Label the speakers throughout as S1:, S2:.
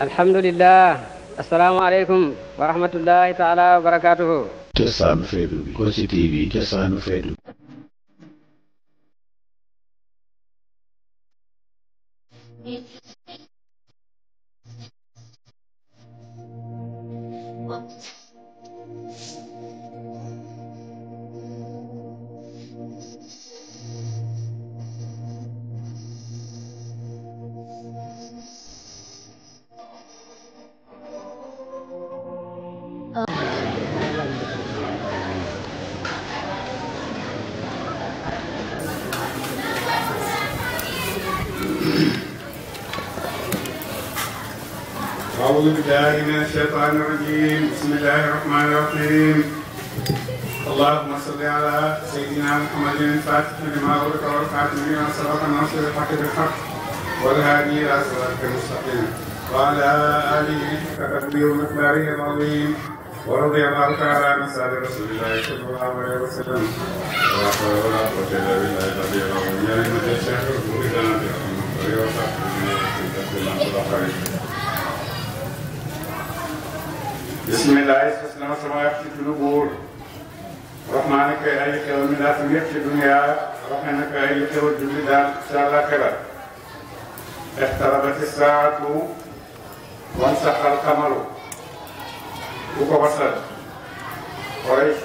S1: الحمد لله السلام عليكم ورحمة الله تعالى وبركاته جسان فيدو كوسي تي في جسان فيدو Whoops. أعوذ بالله من الشيطان الرجيم بسم الله الرحمن الرحيم اللهم صل على سيدنا محمد الفاتح لما غلق والخاتم لما سبق ناصر الحق بالحق والهادي إلى صراطك المستقيم وعلى آله تقدير ومقداره العظيم ورضي الله تعالى عن أصحاب رسول الله صلى الله عليه وسلم ولا حول ولا قوة إلا بالله العلي العظيم وصحبه وسلم جس میں لائش اسلام سوائے کی جنو بور رحمان کے آئی کے علمی لاتنیت کی دنیا رحمان کے آئی کے وہ جنوی دان چالا کرا اختربت ساعت و ونسا خلق مرو اوکا بسر قریش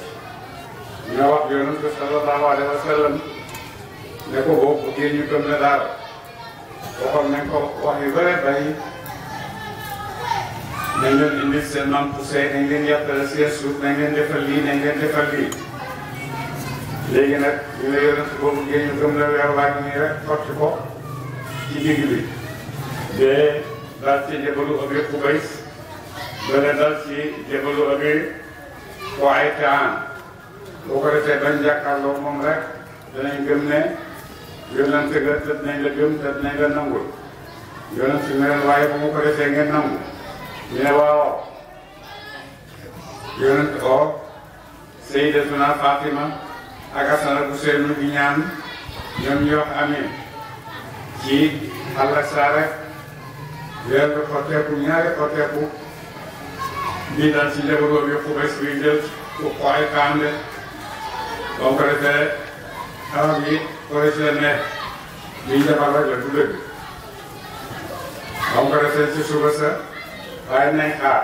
S1: نوک یونس صلی اللہ علیہ وسلم نکو بھو بھدین یکم میں دار اوکا نکو وحیبر بھائی nañ leen indil seen maam Poussey nañ leen yàppale seen suuf nañ leen defal lii nañ leen defal lii. léegi nag ñu ne yonent boobu ngeen ñu gëm la weer waaj nii rek xotti ko ci digg bi. de daal ci jabalu abi Qubays wala daal ci jabalu abi Qaitaan boo ko defee bañ jàkkaarloo moom rek danañ gëm ne yonent ga tëdd nañ la gëm tëdd nañ la nangul yonent ne waaye bu mu ko defee ngeen nangu. ñu ne waaw yonent oo Seydatuna Fatima ak Asan ak Useynu bi ñaan ñoom ñu wax amin ci àll saare weer bi xotteeku ñaari xotteeku bii daal ci njaboot bi xubes bi ku xooy kaande boo ko defee xaram yi xores la ne liñ defal rek la du dëgg boo ko defee ci suba waaye nañ xaar ah,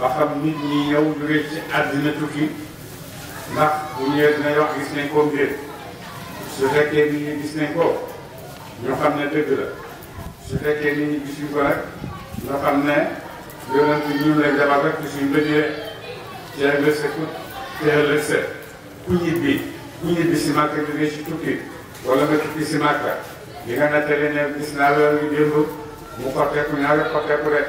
S1: ba xam nit ñi ñëw jóge ci àddina tukki ndax bu ñëwee wax gis nañ ko mbir su fekkee nit ñi gis nañ ko ñu xam ne dëgg la su fekkee nit ñi gisuñ ko nag ñu xam ne yonent ñun la jabar rek ci suñ bëjee teel la sa ku teel la sa nga tukki si màkk li nga nattale ne gis naa loolu démb mu xotteeku ñaari xotteeku rek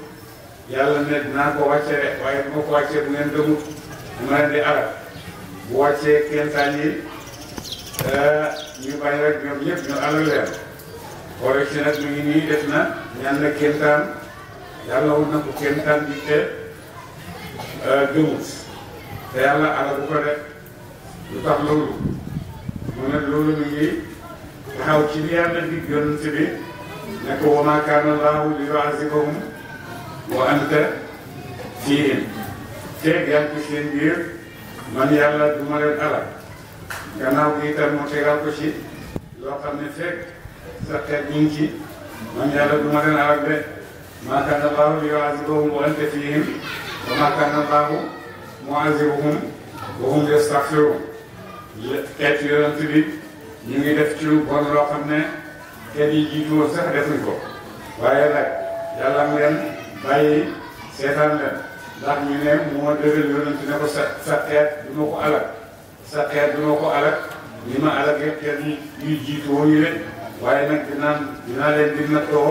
S1: yàlla ne dinaa ko wàcce de waaye bu ma ko wàccee bu ngeen gëmut dama leen di alal bu wàccee kéemtaan yi eh, ñu bañ rek ñoom ñëpp ñu alal leen xoolal si nag mi ngi nii def na ñaan na kéemtaan yàlla wut na ko kéemtaan bi te eh, gëmut te yàlla alal bu ko def lu tax loolu mu ne loolu mi ngi taxaw ci li yàlla dig yonent bi ne ko wa maa kaana Allaahu li yu'azzibahum wa anta fihim teeg yaa ngi ci seen biir man yàlla du ma leen alal gannaaw gi itam mu tegal ko ci loo xam ne fekk sa xeet ñu ngi ci man yàlla du ma leen alal de maa kaana Allaahu liyu'azzibahum wa anta fihim wa maa kaana Allaahu mu'azzibahum wa hum yastaghfiruun xeet yonent bi ñu ngi def ci lu bon loo xam ne xeet yi jiitu woon sax defuñ ko waaye nag yàlla am leen bàyyi seetaan leen ndax ñu ne moo dëggal yonent ne ko sa xeet du ko alal sa xeet du ko alal li ma alal yëpp kenn ñuy jiitu ñu leen waaye nag dinaan dinaa leen di nattoo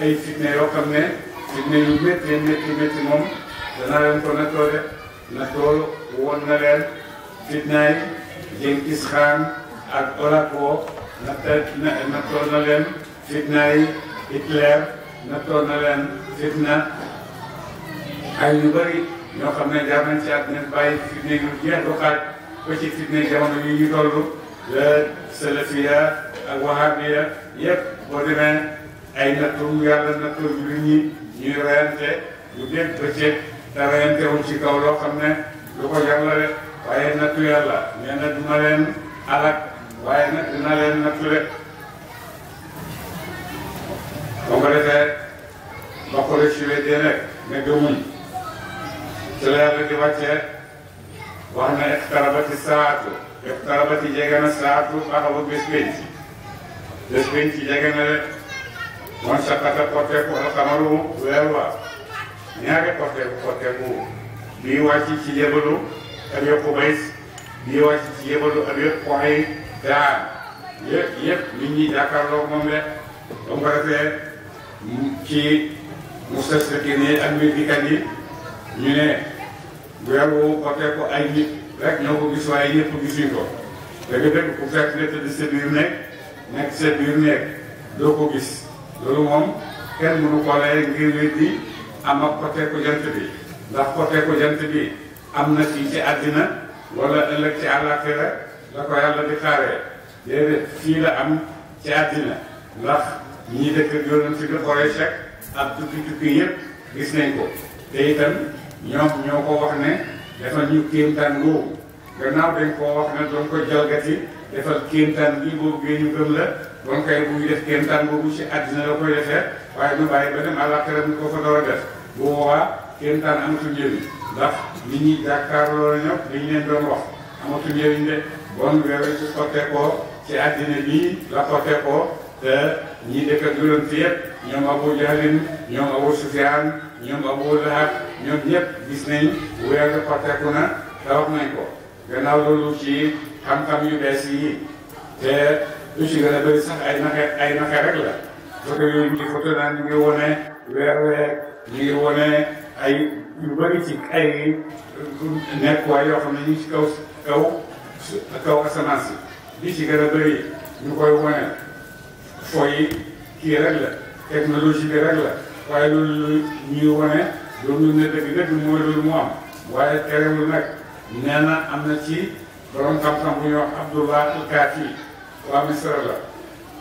S1: ay fitne yoo xam ne fitne yu métti métti métti moom danaa leen ko nattoo de nattoo woon na leen fitnaay Jenkis Xaan ak Olako nattoo na leen fitnaay Hitler nattoo na leen fitna ay yu bëri ñoo xam ne jaar nañ ci àddina bàyyi fitna yu jeex du xaaj ci fitna jamono yi ñu toll la salafiya ak wahabiya yëpp boo ay nattu yàlla nattu yu ñi ñuy reyante yu dégg bëccëg te reyantewul ci kaw loo xam ne lu ko yàlla rek waaye nattu yàlla nee na dina leen alak waaye nag dina leen nattu rek boo ko defee ba xoolee si weddee nag ne gëmuñ ci la di wàccee wax na iqtarabati saatu iqtarabati jege na saatu axabu bés pénc bés pénc jege na de wan saqata porteeku alxamaru weer waa ñaari porteeku porteeku bii wàcc ci yebalu am yëpp bays bii wàcc ci yebalu am yëpp waxi daan yëpp yëpp nit ñi jàkkaarloo moom de ba mu ko defee ci mustaskiin yi ak wéddikat yi ñu ne weer woowu côté ay nit rek ñoo ko gis waaye ñëpp gisuñ ko dëgg-dëgg ku fekk nga tëdd sa biir nekk nekk sa biir nekk doo ko gis loolu moom kenn mënu ko ngir weddi am ak côté jant bi ndax côté jant bi am na fii ci àddina wala ëllëg ci àllaaxira la ko yàlla di xaaree déedéet fii la am ci àddina ndax ñi dëkk yonent bi xoree chek ak tukki-tukki yëpp gis nañ ko te itam ñoom ñoo ko wax ne dafa ñu kéemtaan boobu gannaaw dañ koo wax ne doon ko jalgati defal kéemtaan bi boobu géeñu gëm la doon kay buy def kéemtaan boobu ci àddina la koy defee waaye ñu bàyyi ba dem àllaaxira ñu ko fa door a def bu boobaa kéemtaan amatul njëriñ ndax nit ñi jàkkaarloo la ñëpp li ñu leen doon wax amatul njëriñ de bon weeru su sottee ko ci àddina bii la sottee ko te ñi dëkk ak yonent ñoom Abu Jahlin ñoom Abu Sufyaan ñoom Abu Lahab ñoom ñëpp gis nañ weer bi xotteeku na te wax nañ ko gannaaw loolu ci xam-xam yu bees yi te lu ci gën a bëri sax ay naxe ay rek la photo yooyu ñu photo naan ñu ngi wone weer week ñu ngi wone ay yu bëri ci ay nekkuwaay yoo xam ne ci kaw kaw kaw asamaan si ci gën a bëri ñu koy wone fooy kii rek la technologie bi rek la waaye loolu ñuy wane loolu ne dëgg-dëgg mooy loolu mu waaye terewul nag nee na am na ci borom xam-xam bu ñuy wax Abdullah Alkaati waa Misra la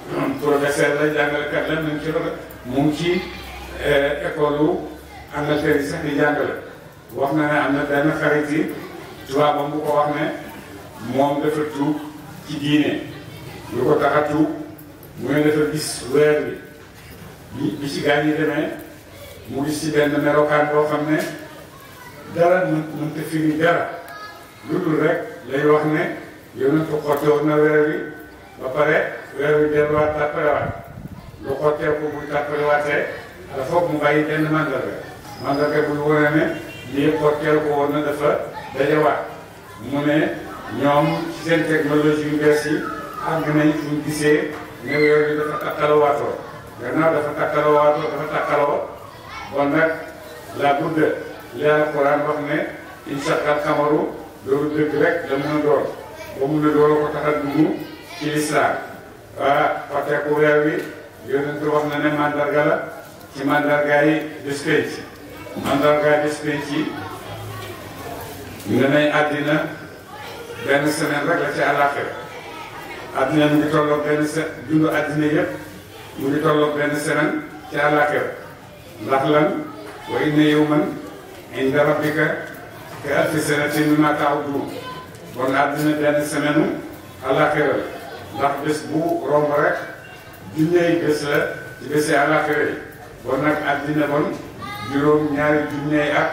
S1: professeur la jàngalekat la mu ngi ci mu eh, ci école u Angleterre yi sax jàngale wax na ne am na benn xarit yi tubaabam bu ko wax ne moom dafa tuub ci diine lu ko tax a mu ne dafa gis weer bi bi bi ci gars yi demee mu gis ci benn melokaan boo xam ne dara mën mënta firi dara lu dul rek lay wax ne yonent xotteeku na weer wi ba pare weer wi delluwaat tàppalewaat lu xotteeku buy tàppalewaatee da foog mu bàyyi benn mandarga mandarga buy wane ne lii xotteeku woon na dafa dajawaat mu ne ñoom ci seen technologie yu bees yi àgg nañ fu ñu gisee ne weer wi dafa tàppalewaatoo karena dafa takkaloo waatoo dafa takkaloo bon nag la budda le alquran wax ne insaqal xamaru loolu dëgg rek la mun a doon ba mun a doon ko tax a dugg ci lislaam waa fàtteeku ah, weer wi yonent wax na ne mandarga la ci mandarga yi bis pénc mandarga bis pénc yi nga nay semaine rek la ci àllaaxira àddina ngi tolloog benn dundu mu ngi tolloog benn semaine ci àllaaxira ndax lan wa inna yawman inda rabbika ka alfi sanatin mimmaa ta'udduun kon àddina benn semaine u àllaaxira la ndax bés bu romb rek junney bés la ci bési yi bon nag àddina bon juróom-ñaari junney ak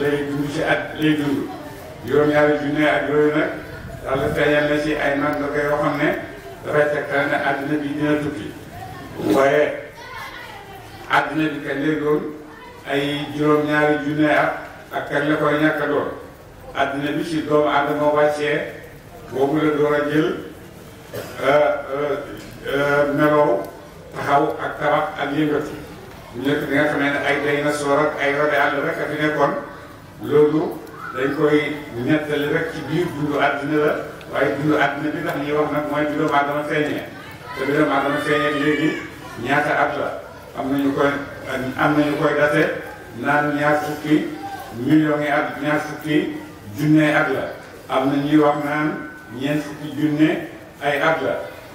S1: lay dund ci at lay dund juróom-ñaari junney ak yooyu nag yàlla feeñal na ci ay man da koy waxoon ne dafay tegtal ne àddina bi dina tukki waaye àddina bi kañ lay ay juróom-ñaari junne at la koy ñàkk a doon àddina bi ci doomu aadama wàccee door a jël euh, euh, euh, melow taxaw ak tabax ak yëngatu ñu nekk bi nga ne ay day na soor ak ay rabe àll rek a fi nekkoon loolu dañ koy nettali rek ci biir dundu àddina la waaye dundu àddina bi tax ñuy wax nag mooy bi doomu aadama te vraiment dana feeñee léegi ñaata at la am nañu koy am nañu koy date naan ñaar fukki millions yi at ñaar fukki junne at na ñuy wax naan ñeent junne ay at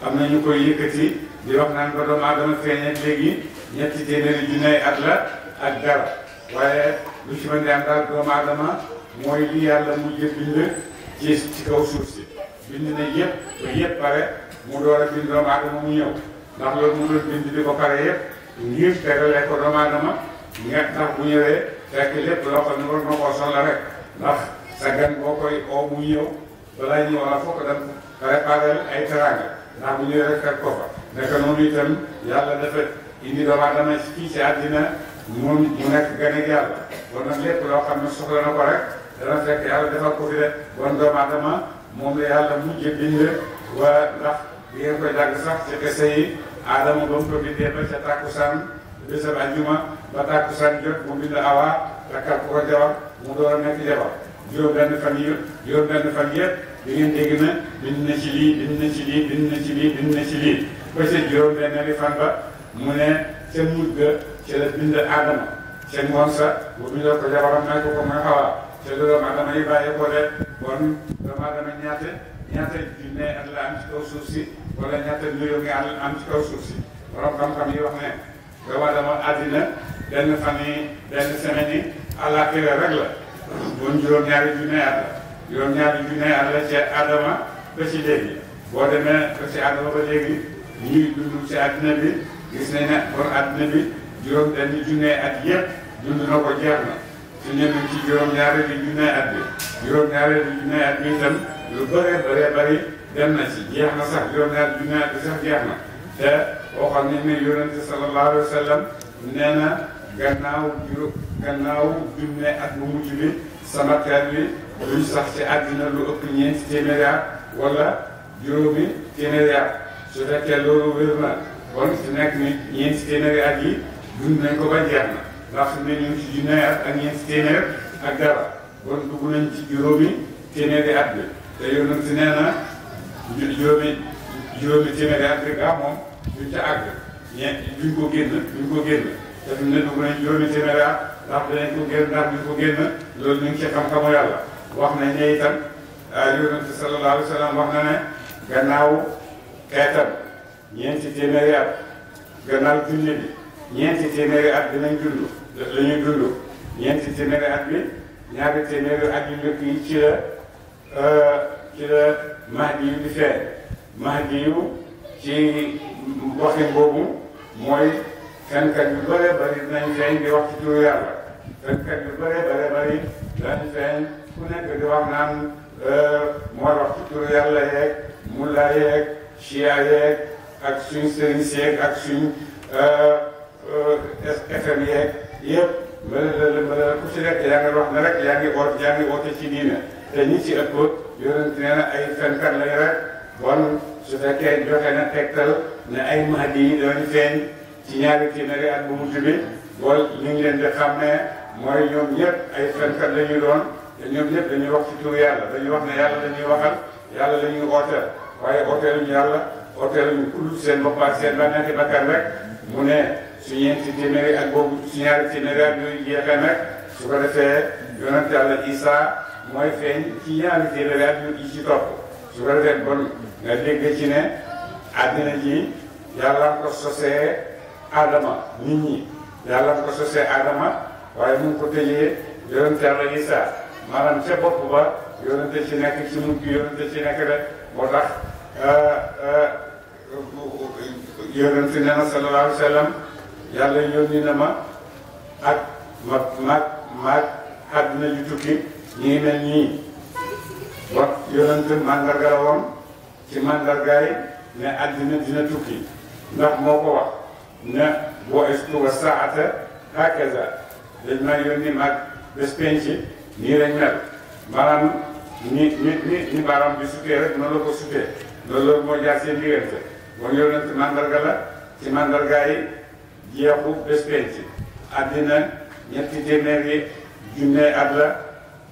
S1: am na ñu koy yëkkati di wax naan ba doomu aadama feeñee léegi ñetti téeméeri junne ay at ak dara waaye lu ci mën di am daal doomu aadama mooy li yàlla mujj bind ci ci kaw suuf si bind na yëpp ba yëpp pare. mu door a bind doomu mu ñëw ndax loolu mu doon bind di ko pare yëpp ngir tegalee ko doomu aadama nga ndax bu ñëwee fekk lépp loo xam ne war na koo soxla rek ndax sa gan boo koy oo mu ñëw balaa ñëw la fokk dem préparer ay teranga ndax bu ñëwee rek fekk ko fa naka noonu itam yàlla dafa indi doomu aadama fii ci àddina moom mu nekk gan ak yàlla kon nag lépp loo xam ne soxla na ko rek dana fekk yàlla defal ko fi rek bon doomu aadama moom la yàlla mujj bind wa ndax bi ngeen koy jàng sax ci xese yi aadama ba mu ko bindee ba ca tàkkusaan bisab àjjuma ba tàkkusaan jot mu bind awa takkal ko ko jabar mu door a nekk jabar juróom benn fan yëpp juróom benn fan yëpp di ngeen dégg na bind na ci lii bind na ci lii bind na ci lii bind na ci lii ba ca juróom fan ba mu ne ca mujj ca la bind ca ngoon sa bu ko jabaram may ko ko ko de kon dama damay ñaata ñaata junne ak la am si wala ñaata nuyoo nga am ci kaw suuf si borom yi wax ne nga war dama àddina fan yi benn semaine yi rek la bon juróom-ñaari junne at ci Adama boo demee ba bi gis nañ ne bon àddina bi juróom benn junne at yëpp dund na ko jeex na su ñëw ci juróom-ñaari bi junne at juróom-ñaari bi junne at bi lu bëree bëree bëri dem na ci jeex na sax yoon daal junnaat bi sax jeex na te waxoon nañ ne yonente sallallahu alayhi wa sallam nee na gannaaw juróom gannaaw junne at bu mujj bi sama teer bi duñ sax ci àddina lu ëpp ñeenti téeméeri at wala juróomi téeméeri at su fekkee loolu wér na kon fi nekk ñeenti téeméeri at yi dund nañ ko ba jeex na ndax ne ñu ngi ci ak ñeenti téeméer ak dara kon dugg nañ ci juróomi téeméeri at bi te yonente nee na bu jël juróomi juróomi téeméeri ak rek ah moom duñ ca àgg ñeent duñ ko génn duñ ko génn te duñ ne dugg nañ juróomi téeméeri ah loolu ñu ngi ci xam-xamu yàlla wax nañ ne itam ah, yonente sallallahu alayhi wa sallam wax na ne gannaaw xeetam ñeenti téeméeri at gannaaw junni bi ñeenti téeméeri at dinañ dund la ñuy dund ñeenti téeméeri at bi ñaari téeméeri at yu njëkk yi ci la. Euh, mahdi yu di feeñ mahdi yu ci waxin boobu mooy fenkat yu bëree bëri dinañ feeñ di wax ci turu yàlla fenkat yu bëree bëree bëri dinañ feeñ ku nekk di wax naan euh, mooy wax ci turu yàlla yeeg mulla yeeg chia yeeg ak suñ sëriñ seeg ak suñ euh, euh, FM yeeg yëpp mbala la ku ci nekk yaa ngi wax ne rek yaa ngi oot yaa ngi ci diine te ñi ci ëpp yonent nee na ay fenkat la yore bon su fekkee joxe na tegtal ne ay mahdi yi danañ feeñ ci ñaari téeméeri at bu mujj bi bool ñu ngi leen di xàmmee mooy ñoom ñëpp ay fenkat la ñu doon te ñoom ñëpp dañuy wax ci tur yàlla dañuy wax ne yàlla dañuy waxal yàlla la ñuy ooteel waaye ooteeluñu yàlla ooteeluñu kudd seen bopp ak seen bànneexi bakkan rek mu ne su ñeenti téeméeri ak boobu su ñaari téeméeri ak yooyu jeexee nag su ko defee yonent yàlla Isaa mooy feeñ ci ñaari téeméer yu ci topp su ko bon nga dégg ci ne àddina ji yàlla ko sosee Adama nit ñi yàlla ko sosee Adama waaye mu ko tëjee yonente Yàlla Isaa maanaam ca bopp ba yonente ci nekk ci mujj yonente ci nekk rek moo tax euh, euh, yonente nee na sallallahu alayhi wa sallam na ma ak ma maag maag àddina ju tukki ñii mel nii wax yonent màndarga la woon ci màndargaay ne àddina dina tukki ndax moo ko wax ne boo estu wa saata hakaza dañ ma yónni mag bés penc nii lañ mel maanaam ni ni ni ni bi sutee rek noonu la ko sutee loolu moo jaar seen diggante bon yonent màndarga la ci màndargaay jeexu bés penc àddina ñetti téeméeri junne at la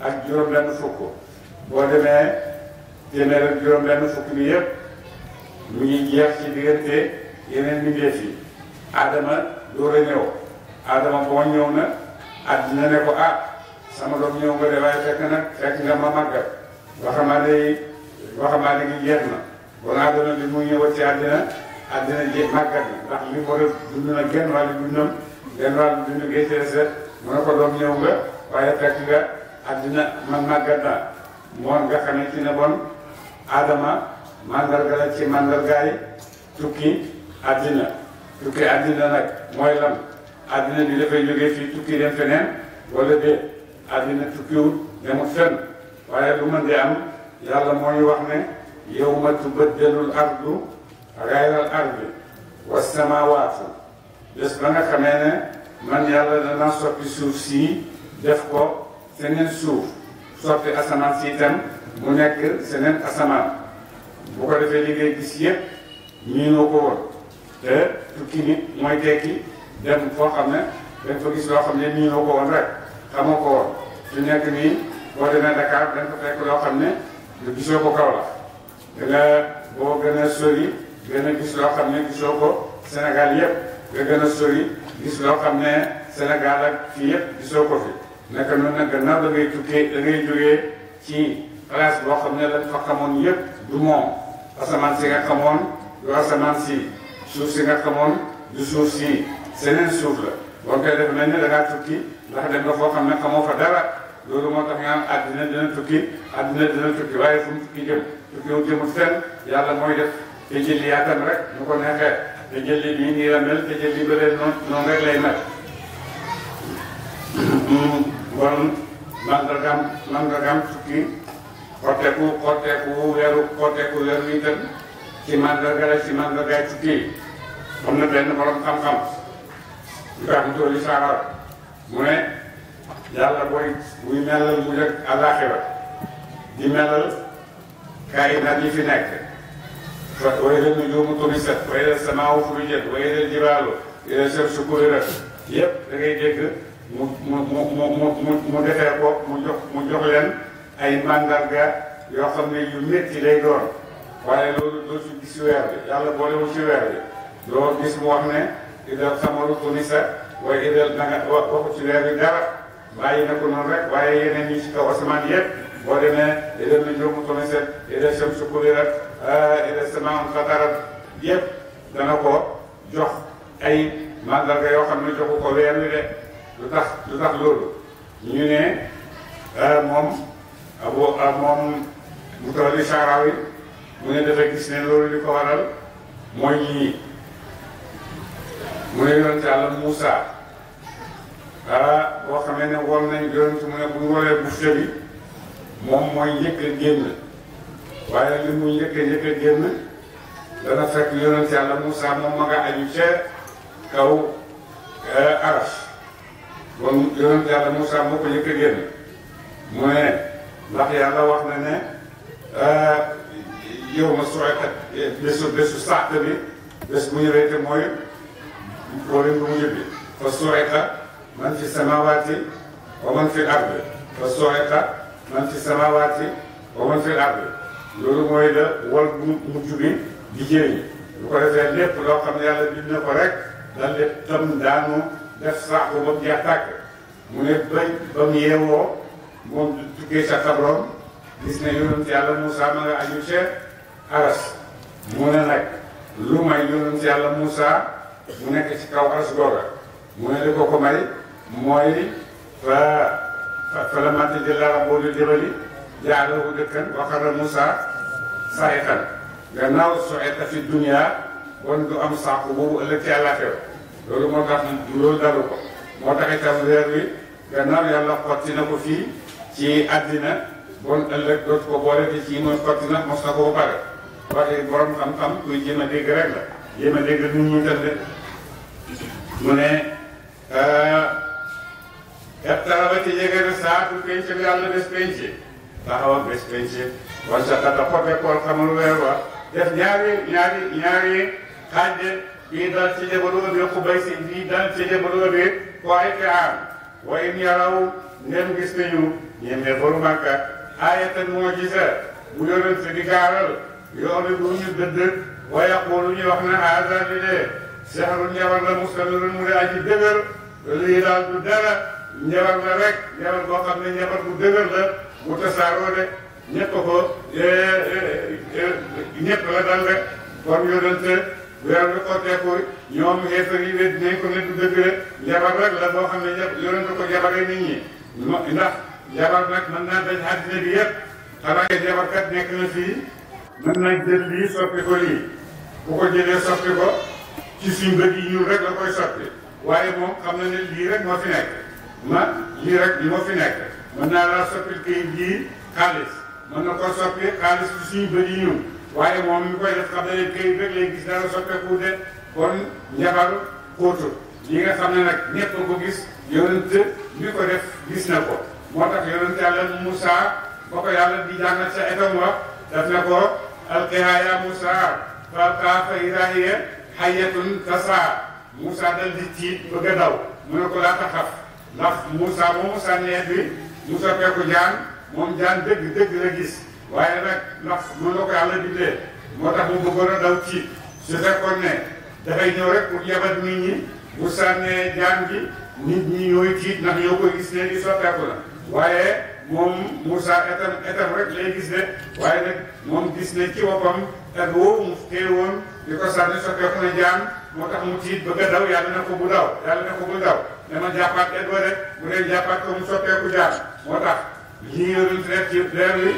S1: ak juróom-benn fukk boo demee téeméer ak juróom-benn fukk bi yëpp mu ngi jeex ci diggante yeneen mbindeef yi Adama door a ñëw Adama boo ñëw na àddina ne ko ah sama doom ñëw nga de waaye fekk nag fekk nga ma màggat waxamaane yi waxamaane gi jeex na bon Adama bi mu ñëwaat ci àddina àddina jeex màggat na ndax li ko def dund na genn wàllu dundam genn wàllu dund gi ci des mu ne ko doom ñëw nga waaye fekk nga. addina man màggat moom nga xamante ne bon Adama mandarga la ci mandargaay tukki addina tukki addina nag mooy lan addina bi dafay jógee fii tukki dem feneen wala de addina tukkiwut demut fenn waaye lu mën di am yàlla moo wax ne yawma tubaddalul ardu gayral ardi was samawaatu bés ba nga xamee ne man yàlla danaa soppi suuf sii def ko seneen suuf soppi asamaan si itam mu nekk seneen asamaan bu ko defee li ngay gis yëpp miinoo ko woon te tukki nit mooy tekki dem foo xam ne dañ fa gis loo xam ne miinoo ko woon rek xamoo ko woon fi nekk nii boo demee Dakar dañ fa fekk loo xam ne du gisoo ko kaw la gën boo gën a sori gën a gis loo xam ne gisoo ko Sénégal yëpp nga gën a sori gis loo xam ne senegal ak fii yëpp gisoo ko fi naka noonu nag gannaaw da ngay tukkee da ngay jógee ci place boo xam ne lañ fa xamoon yëpp du moom asamaan si nga xamoon du asamaan si suuf si nga xamoon du suuf si seneen suuf la boo koy def mel ni da ngaa tukki dem nga foo xam ne xamoo fa dara loolu moo tax nga am àddina dina tukki àddina dina tukki waaye fu jëm tukkiwu jëmul fenn yàlla mooy def te jëli yaatam rek nu ko neexee te jëli nii nii la mel te jëli ba leen noonu noonu kon mandargam mandargam fukki xotteeku xotteeku weeru xotteeku weeru wi tam ci mandarga la ci mandargaay fukki yi am na benn borom xam-xam li tax ñu toll mu ne yàlla booy buy melal bu njëkk àllaaxira di melal kaayinaat yi fi nekk. waaye la ñu doomu turisat waaye la samaawu furijat waaye la jibaalu waaye la sër sukurirat yëpp da ngay dégg. mu mu mu mu jox mu ay mandarga yoo xam ne yu métti lay doon waaye loolu doo ci gis si weer bi yàlla ci weer bi doo gis mu ne idal samaru tunisa waaye idal na nga wax waxu ci weer bi dara bàyyi na rek waaye yeneen ñi ci kaw asamaan yëpp boo demee idal nujuumu tunisa idal shamsu kuwirat ah, idal samaa'u infatarat yëpp dana ko jox ay mandarga yoo xam ne joxu ko weer wi de. lu tax lu tax loolu ñu ne euh, moom abo euh, moom mu tolli saaraaw yi mu ne dafa gis ne loolu li ko waral mooy ñii mu ne yonent Yàlla Muusa ah boo xamee ne wol nañ yonent mu ne bu ñu wolee bufte bi moom mooy njëkk génn waaye li mu njëkk a génn dana fekk yonent Yàlla Muusa moom ma nga aju ca kaw aras boobu yonent yàlla Moussa moo ko yëkk a génn mu ne ndax yàlla wax na ne euh, yow ma sooy kat bésu bésu sàq bi bés bu ñu reyte mooy problème bu mujj bi fa sooy kat man fi samawaati wa man fi ardi fa sooy kat man fi samawaati wa man fi ardi loolu mooy la wal bu mujj bi di jëriñ lu ko defee lépp loo xam yàlla bind ko rek dal lépp tam daanu def saako ba mu jeex tàkk mu ne ba ba mu yeewoo moom du tukkee sa xabroom gis ne yonent yàlla Moussa ma nga aju ca aras mu ne nag lu may yonent yàlla Moussa mu nekk ci kaw aras googa li ko ko may mooy fa fa la mante jëlla rabboo li jabali jaalahu dëkkan fi dunya bon am saako boobu ëllëg ci àllaaxira loolu moo tax loolu dalu ko moo tax itam weer wi gannaaw yàlla xotti na ko fii ci àddina bon ëllëg dootu ko boole ci mooy xotti na mos na ko ba pare waxi borom xam-xam kuy jéem a dégg rek la jéem a dégg nit ñi tëdd mu ne iqtarabati jege saatu pénc yàlla bés pénc taxaw ak bés pénc wala sa xata xobe kool xamul weer wa def ñaari ñaari ñaari xaaj de fii dal ci jébaloo bi xubaysin fii dal ci jébaloo bi waaye kaam waaye ni yaraw ndem gis nañu ñemee baru màkka aayatan moo gisa bu yonent si di gaaral yoonu bu ñu dëdd wa yaqulu ñu wax na haada bi de sexru njabar la mustamirun mu di aji dëgër lii daal du dara njabar la rek njabar boo xam ne njabar bu dëgër la bu tasaaroo de ñëpp ko eh, eh, eh, ñëpp la dal rek kon yonent yoronto ko ñoom xeesa yi de dinañ ko nekk dëgg rek jabar rek la boo xam ne jab yoronto ko jabare nit ñi ma ndax jabar nag mën naa dañ xaddina bi yëpp xalaaye jabarkat nekk na fii mën naa jël lii soppi ko lii bu ko jëlee soppi ko ci suñ bëgg yi ñun rek la koy soppi waaye moom xam na ne lii rek moo fi nekk ma lii rek li moo fi nekk mën naa laa soppi kii yii xaalis mën na ko soppi xaalis ci suñ bëgg yi ñun waaye moom mi koy def xam ne këyit rek lay gis dara soppeeku de kon njabaru xóotu li nga xam ne nag ñëpp ko gis yonent mi ko def gis na ko moo tax yonent yàlla Moussa ba ko yàlla di jàngal sa étam wax daf na ko alqihaa yaa Moussa fa alqaa fa tasaa Moussa dal di tiit bëgg a mu ne ko laa taxaf ndax Moussa moomu sànnee bi mu soppeeku jaan moom jaan dëgg dëgg la gis waaye nag ndax noonu la ko yàlla bindee moo tax mu bëggoon a daw ci su fekkoon ne dafay ñëw rek pour yabat nit ñi bu sànnee jaan gi nit ñi ñooy tiit ndax yow ko gis ne li soppeeku la waaye moom Moussa etam etam rek lay gis ne waaye nag moom gis ne ci boppam et woowu mu teel woon di ko sànni soppeeku na jaan moo tax mu tiit bëgg a daw yàlla na ko bu daw yàlla na ko bu daw dama jàppaat edwa rek bu leen jàppaat ko mu soppeeku jaan moo tax li ñu doon eh, def ci leer wi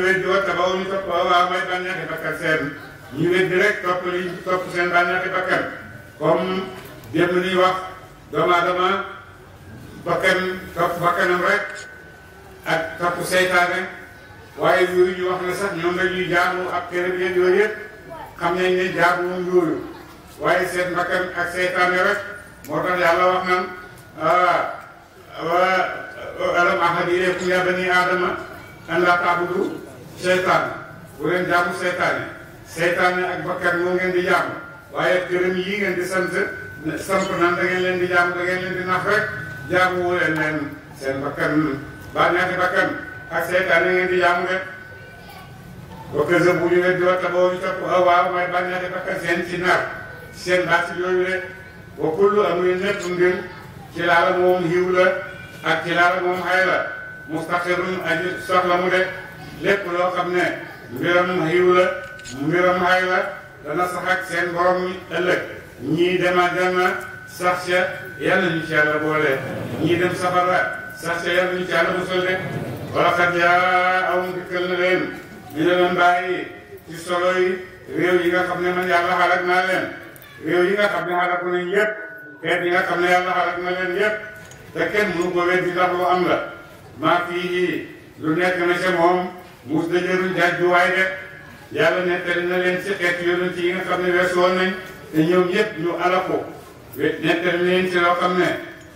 S1: mënta wu waa may bànneexi bakkan seen ñu weddi rek topp li topp seen bànneexi bakkan comme démb ñuy wax doomu aadama bakkan topp bakkanam rek ak topp seytaane waaye yooyu ñu wax ne sax ñoom la ñuy jaamu ak kërëb yéen yooyu yëpp xam nañ ne jaamuwuñ yooyu waaye seen bakkan ak seytaane rek moo tax yàlla wax nan ah, ah, alam ahad ilaykum yaa bani aadama an laa taabudu seytaane bu leen jaamu seytaane seytaane ak bakkan moo ngeen di jaamu waaye kërëm yii ngeen di sant samp nan da ngeen leen di jaamu da leen di nax rek jaamu leen leen seen bakkan bànneexi bakkan ak seetaan yi ngeen di jaamu de wakka sëb bu ñu weddi wa taboo ñu topp waaw mooy bànneexi bakkan seen ci nar seen bàtt yooyu de wa kullu amuy nekk mbir ci laala moom hiw la ak ci laala moom xay la mustaqirun aji soxla mu de lépp loo xam ne mbiram hiw la dana sax ak seen borom ëllëg ñii dema dema sax ca yàlla ñu ci yàlla boole ñii dem safara sax ca yàlla ñu ci yàlla musal de wala xat yaa awum dikkal na leen ñu ne leen bàyyi ci solo yi réew yi nga xam ne man yàlla xalak naa leen réew yi nga xam ne xalak nañ yépp xeet yi nga xam ne yàlla xalak na leen yépp te kenn mënu ko weddi ndax lu am la maa fii lu nekk na ca moom muus da jëruñ jàjjuwaay de yàlla nettali na leen ci xeet yonent yi nga xam ne weesu woon nañ te ñoom yépp ñu ala nettali leen ci loo xam ne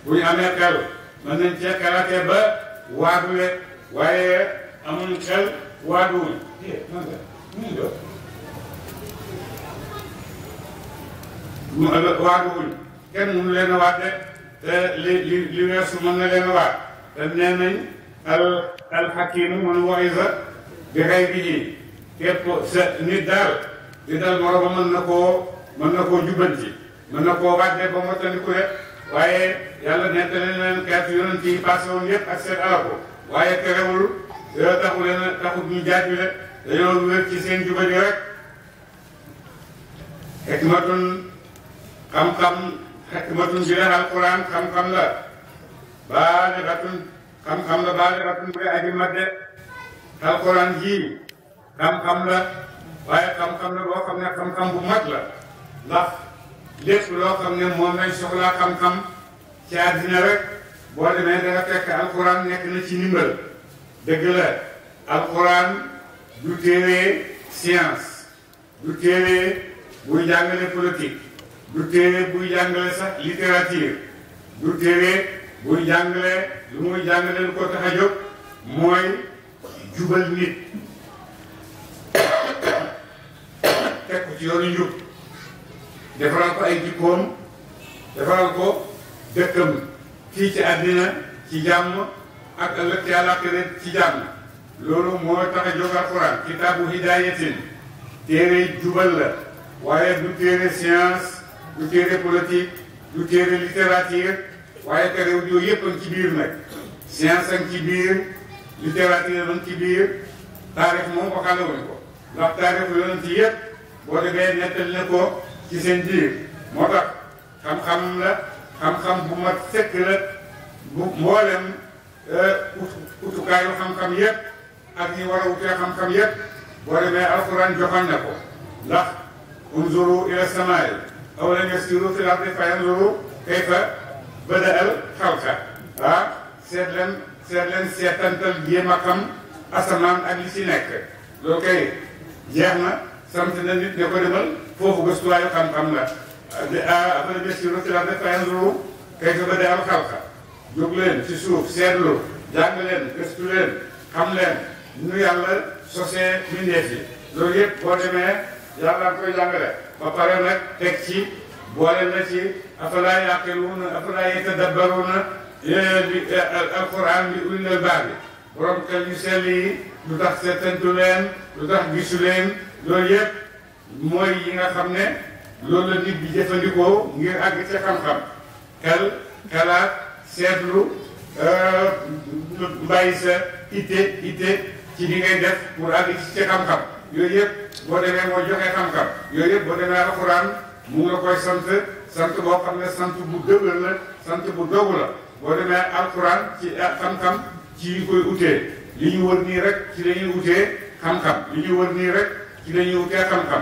S1: bu ñu amee xel mën nañ cee xalaatee ba waatule waaye amuñ xel waatuwuñ mu waatuwuñ kenn mënu leen waat de te li li li weesu mën na leen waat te nee nañ al al xakiimu man waisa bi xay bi ji képp sa nit daal di dal moroba mën na koo mën na koo jubanti mën na koo wàccee ba mottaliku rek waaye yàlla nettali na leen xeetu yonent yi passé woon yëpp ak seen alako waaye terewul taxu leen taxut ñu jaaj rek dañoo wér ci seen jubadi rek xikmatun xam-xam xikmatun bi la alquran xam-xam la baaligatun xam-xam la baaligatun bu dee aji mat de alquran ji xam-xam la waaye xam-xam la boo xam ne xam-xam bu mat la ndax lépp loo xam ne moom lañ soxlaa xam-xam ci rek boo demee da nga fekk alxuraan nekk na ci ndimbal dëgg la alxuraan du téere science du téere buy jàngale politique du téere buy jàngale sax littérature du téere buy jàngale lu muy jàngale lu ko tax a mooy jubal nit teg ci yoonu njub defaral ko ay jikkoom defaral ko dëkkam fii ci àddina ci jàmm ak ëllëg ci àllaaxira ci jàmm loolu moo tax a alxuraan kitaabu hidaayatin téere jubal la waaye du téere science du téere politique du téere littérature waaye ka réew yooyu yëpp a ngi ci biir nag science a ngi ci biir littérature a ngi ci biir taarix moom waxaale wuñ ko ndax taarix yonent yëpp boo demee nettal na ko ci seen biir moo tax xam-xam la xam-xam bu mat sëkk la bu mboolem eh, utukaayu xam-xam yépp ak ñi war a wutee xam-xam yépp boo demee alxuraan joxoon na ko ndax unzuru ila samaay aw lam yasiru fil ardi fa yanzuru kayfa bada al xalqa ah seet leen seet leen seetantal jéem a xam asamaan ak li ci nekk loolu kay jeex na sant nit ne ko demal foofu gëstuwaayu xam-xam la ah affaire bi si rotulaa ba fayanzuru kay ka ba daal jóg leen ci suuf seetlu jàng leen gëstu leen xam leen ñu yàlla sosee mbindeef yi loolu yëpp boo demee yàlla koy jàngale ba pare nag teg ci boole na ci afalaa yaqiluuna afalaa yatadabbaruuna bi e, alquran bi ulil albaab bi borom xel ñu sell yi lu tax seetantu leen lu tax gisu leen loolu yëpp. mooy yi nga xam ne loolu nit bi jëfandikoo ngir àgg ca xam-xam kal kalaat seetlu euh, bàyyi sa itte itte ci li ngay def pour àgg ci xam-xam yooyu yëpp boo demee mooy joxe xam-xam yooyu yëpp boo demee alxuraan mu nga koy sant sant boo xam ne sant bu dëgër sant bu dogu la boo demee alxuraan ci xam-xam ci ñu koy utee li ñu wër nii rek ci lañuy ñuy utee xam-xam li ñu wër nii rek ci la ñuy xam-xam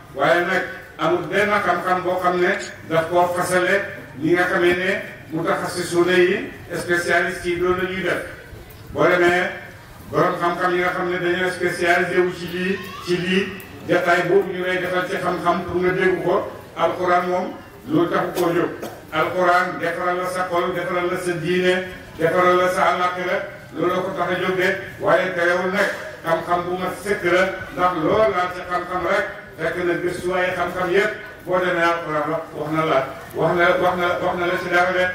S1: waaye nag amul benn xam-xam boo xam ne daf koo fasale ñi nga xamee ne mutaxassisuuna yi spécialiste yi loolu la def boo demee nga xam ne dañoo spécialisé wu ci lii ci lii jataay boobu ñu lay defal ci xam-xam pour nga dégg ko alxuraan moom loolu taxu koo jóg alxuraan defaral la sa xol defaral la sa diine defaral la sa àllaaxira looloo ko tax a jóg waaye terewul nag xam-xam bu ma sëkk la ndax loolu laal xam-xam rek. fekk na gëstuwaayu xam-xam yëpp boo demee alxuraan wax na la wax na wax na wax na la ci dara de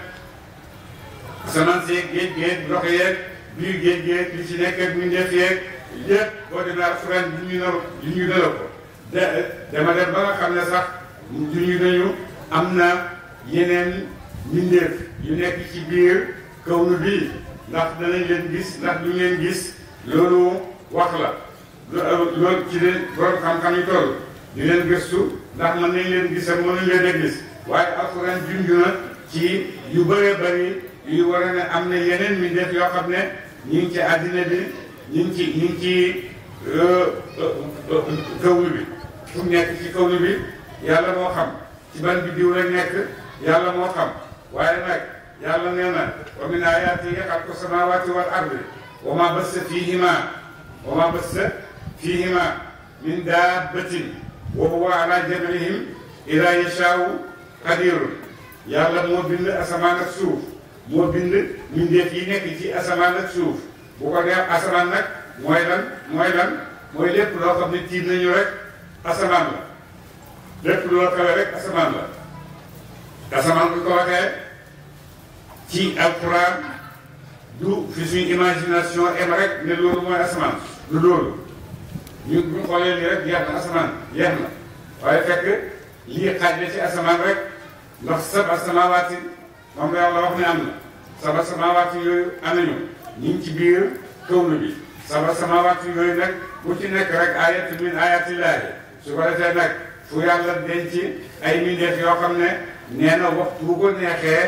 S1: asamaan si géej géej ndox yeeg biir géej géej li ci nekk ak mbindeef yeeg yëpp boo demee alxuraan du ñu nar du ko. de dama dem ba xam ne sax du ñu nañu am na yeneen mbindeef yu nekk ci biir kaw nu bii ndax danañ leen gis ndax duñ leen gis loolu wax la loolu ci leen borom xam-xam yi toll. di leen gëstu ndax mën nañ leen gis ak mënuñ leen a gis waaye alxuraan junj na ci yu bëree bëri yu war a ne am na yeneen mi def yoo xam ne ñu ngi ci àddina bi ñu ngi ci ñu ngi ci kawlu bi fu mu nekk ci kawlu bi yàlla moo xam ci ban bi diw la nekk yàlla moo xam waaye nag yàlla nee na wa min ayaatihi xalqu samaawaati wal ardi wa ma bassa fiihima wa ma bassa fiihima min daabbatin wa huwa ala jam'ihim idaa yashaa'u qadiir yàlla moo bind asamaan ak suuf moo bind mbindeef yi nekk ci asamaan ak suuf bu ko def asamaan nag mooy lan mooy lépp loo xam ne tiim nañu rek asamaan la lépp loo xewe rek asamaan la asamaan bu ko waxee ci alquran du fi suñu imagination em rek ne loolu mooy asamaan du loolu ñun bu ñu xoolee lii rek yeex na asamaan yeex na waaye fekk lii xaj na ci asamaan rek ndax saba samaawaat yi moom la yàlla wax ne am na saba samaawaat yooyu am nañu ñu ngi ci biir kaw na bi saba samaawaat yooyu nag bu ci nekk rek ayat min ayatillaahi su ko defee nag fu yàlla denc ay mindeef yoo xam ne nee na waxtu bu ko neexee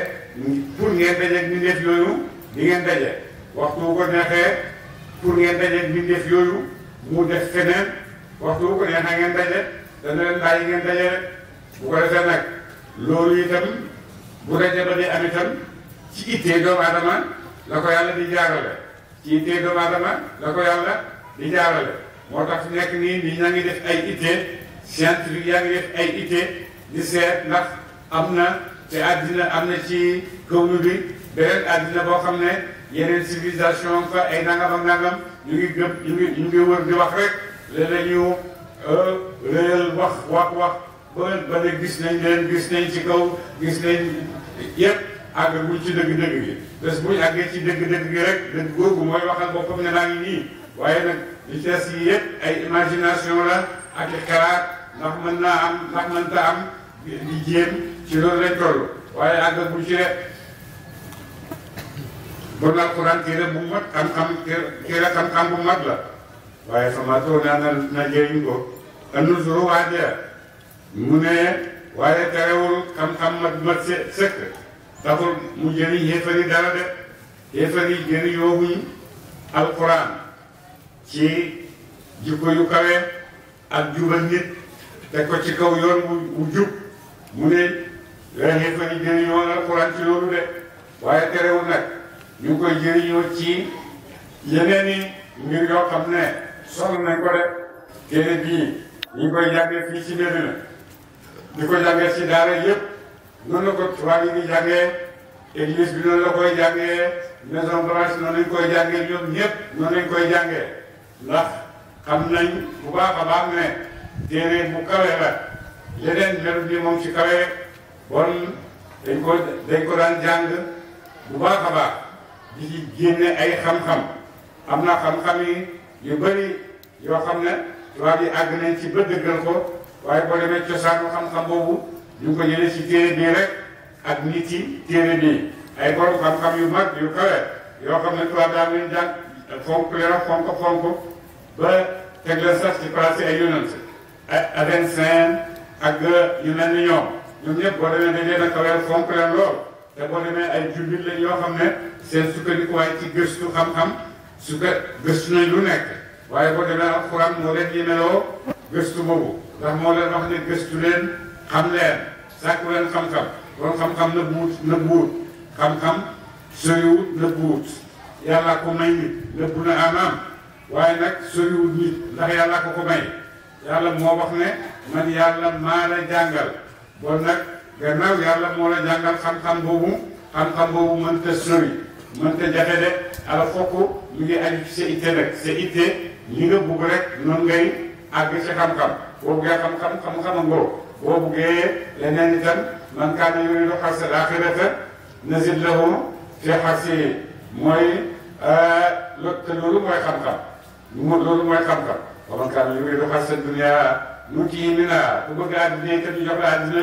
S1: pour ngeen dajeeg mindeef yooyu di ngeen daje waxtu bu ko neexee mu def feneen waxtu bu ko neexee ngeen daje dana leen bàyyi ngeen daje bu ko defee nag loolu itam bu daje ba di am itam ci ittee doomu aadama la ko yàlla di jaarale ci ittee doomu aadama la ko yàlla di jaarale moo tax nekk nii nit ñaa def ay ittee scientifique yaa ngi def ay ittee di seet ndax am na te àddina am na ci kaw bi beneen àddina boo xam ne yeneen civilisation fa ay nangam ak ñu ngi gëm ñu ngi wër di wax rek léeg-léeg ñu euh, réel wax wax wax ba ba ne gis nañ ci kaw gis nañ yëpp àggaguñ ci dëgg-dëgg gi bés bu ñu rek dëgg googu mooy waxal boppam ne naa ngi nii nag li tees yi yëpp ay imagination la ak i xalaat ndax mën naa am ci loolu lañ toll waaye àggaguñ ci rek. doon alquran téere bu mat xam-xam téere xam-xam bu mat la waaye sama tool naa na na jëriñ ko anul suru waaja mu ne waaye terewul xam-xam mat mat sëkk taxul mu jëriñ yéefari dara de yéefari jëriñoo wuñ alquran ci jikko yu kawe ak jubal nit te ko ci kaw yoon bu jub mu ne yéefari jëriñoo alquran ci loolu de waaye terewul nag ñu ko koy jëriñoo ci yeneen i ngir yoo xam ne soxla nañ ko def téere bii ñu ngi koy jàngee fii ci Medina di ko jàngee ci daara yëpp noonu ko tubaab yi di jàngee église bi noonu la koy jàngee maison blanche noonu lañ koy jàngee ñoom noonu lañ koy jàngee ndax nañ bu baax a baax ne téere yeneen melu bi moom ci kawe bon dañ ko dañ ko daan jàng bu baax a di ci génne ay xam-xam am na xam-xam yi yu bëri yoo xam ne tubaab yi àgg nañ ci ba ko waaye boo demee cosaanu xam-xam boobu ñu ngi ko jëlee si téere bii rek ak nit yi téere bii ay borom xam-xam yu mag yu kawe yoo xam ne tubaab daal leen jàng fonk yaram fonk fonk ba teg leen sax ci place ay yonent ak Avensins ak yu mel ni ñoom ñoom ñëpp boo demee dañ leen a kaweel fonk leen lool. te boo demee ay jubbit lañ yoo xam ne seen sukkandikuwaay ci gëstu xam-xam sukka gëstu nañ lu nekk waaye boo demee alquran moo leen yemeloo gëstu boobu ndax moo leen wax ne gëstu leen xam leen sàkk leen xam-xam kon xam-xam na buut na buut xam-xam soriwut na buut yàlla ko may nit lépp na amaam waaye nag soriwut nit ndax yàlla ko ko may yàlla moo wax ne man yàlla maa la jàngal bon nag gannaaw yàlla moo la jàngal xam-xam boobu xam-xam boobu mënta sori mënta jafe de ala fokk mu ngi aju ci sa itte rek sa itte ñi nga bugg rek noonu ngay àgg ci xam-xam boo buggee xam-xam xam-xam ngoo boo buggee leneen itam man kaana yuriidu xarsa l-aaxirata nazid fi xarsihi mooy euh, te loolu mooy xam-xam loolu mooy xam-xam wa man kaana yuriidu xarsa dunya nutihi minhaa ku bëgg àddina itam ñu jox la àddina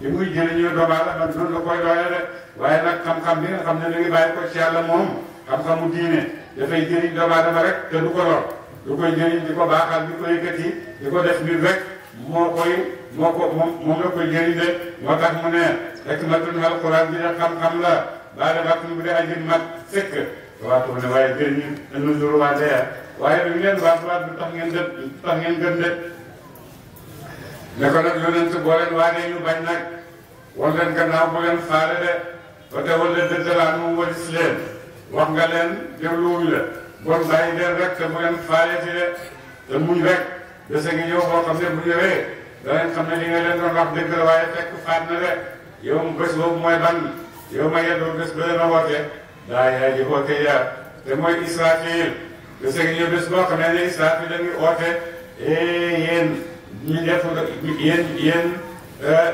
S1: yi muy jëriñoo doomaa la man noonu la koy doyee de waaye nag xam-xam bi nga xam ne dangay bàyyi ko ci yàlla moom xam-xamu diine dafay jëriñ doomaa dama rek te du ko lor du koy jëriñ di ko baaxal di ko yëkkati di ko def mbir rek moo koy moo ko moom moom la koy jëriñ de moo tax mu ne rek ma tun xel xuraan bi ne xam-xam la baale ba bu dee ajin mat fekk waa tuur ne waaye jëriñ na nu jur waa waaye dañu leen waat waat bu tax ngeen dëpp tax ngeen gën dëpp ne ko nag yonent boo leen waanee ñu bañ nag wan leen gannaaw bu leen faale de ba teewal leen dëddalaan mu walis leen wax nga leen dégluwuñ la bon bàyyi leen rek te bu leen faaleeti de te muñ rek bese ngi ñëw boo xam ne bu ñëwee danañ xam ne li nga leen doon wax dëgg la waaye fekk faat na de yow mu bés boobu mooy ban yow ma yeddoo bés ba dana woote daa yaay ji woote yaa te mooy Israfil bese ngi ñëw bés boo xam ne ne Israfil dañuy oote eh, yéen ñi def yéen yéen euh,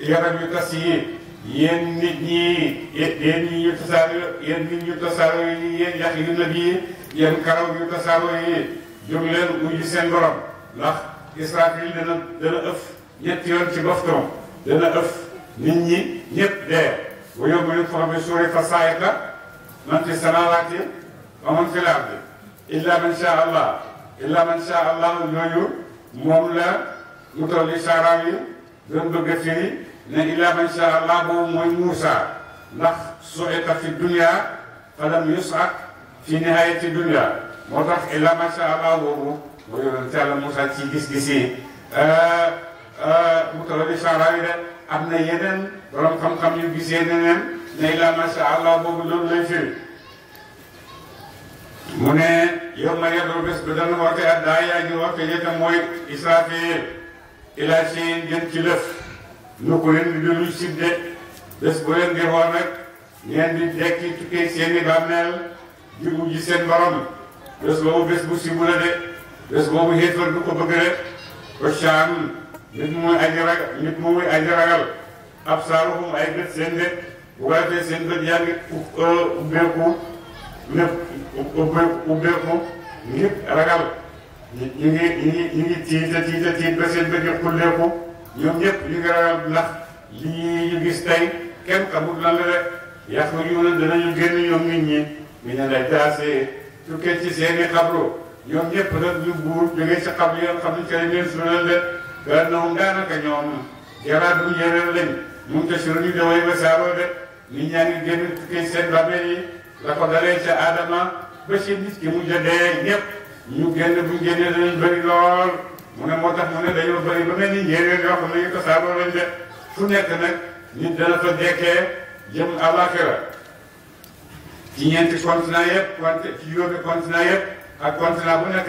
S1: yaram yu tas yi yéen nit ñi yéen ñi ñu tasaaroo yéen nit ñu tasaaroo yi yéen yax yu nag yi yéen karaw yu tasaaroo yi jóg leen seen borom ndax Israfil dana dana ëf ñetti yoon ci doftoom dana ëf nit ñi ñëpp dee bu yóbbu nit foo suuri fa saayata man fi samawaati wa man fi l ardi man sha allah illa man sha allah ñooñu moom la mu toll ni saaraaw yi doon bëgg a firi ne illaa man shaa allah boobu mooy Muusa ndax su'ita fi dunya falam yus'at fi nihaayati dunya moo tax illaa man shaa allah boobu mooy yonent Yàlla Muusa ci gis-gis yi mu euh, euh, toll ni saaraaw yi de am na yeneen borom xam-xam yu gisee neneen ne illaa man shaa allah boobu loolu lay firi Mune, yo maya dorbes bedan warga adai ayu wa kaya tamoy israfi ilasin gen kilaf nukulin bidulu sibde des boyen de hormek nyen di deki tuke sieni bamel di bu jisen barom des bobu bes bu sibula de des bobu hetwar nuko bagere o sham nit mo ajara nit mo moy ajara gal absaruhum ay bet sen de wate sen de yani ko ko lépp ubbeeku ñëpp ragal ñu ñu ngi ñu ngi ñu ngi tiita tiita tiit ba li ñu gis tey kenn xamul lan la rek yàqu yu ne danañu génn ñoom nit ñi mi ne day daasee tukkee ci seen i xablo ñoom ñëpp nag ñu buur jógee ci xablu yoon xam ne kay leen sunal leen ba ñoom daanaka ñoom jaraat bu ñeneen lañ mu ngi te suñu daway ba saaboo de nit ñaa ngi génn tukkee ci seen bàmmeel yi dafa dalé ci adama ba ci nit ki mu jëdé ñep ñu genn bu genné dañu bari lool mu ne motax mu ne dañu bari ba melni ñeewé nga xamné ko saabu lañ dé fu nekk nak nit dana fa déké jëm alakhira ci ñent kontina yépp kontina ci yoonu kontina yépp ak kontina bu nekk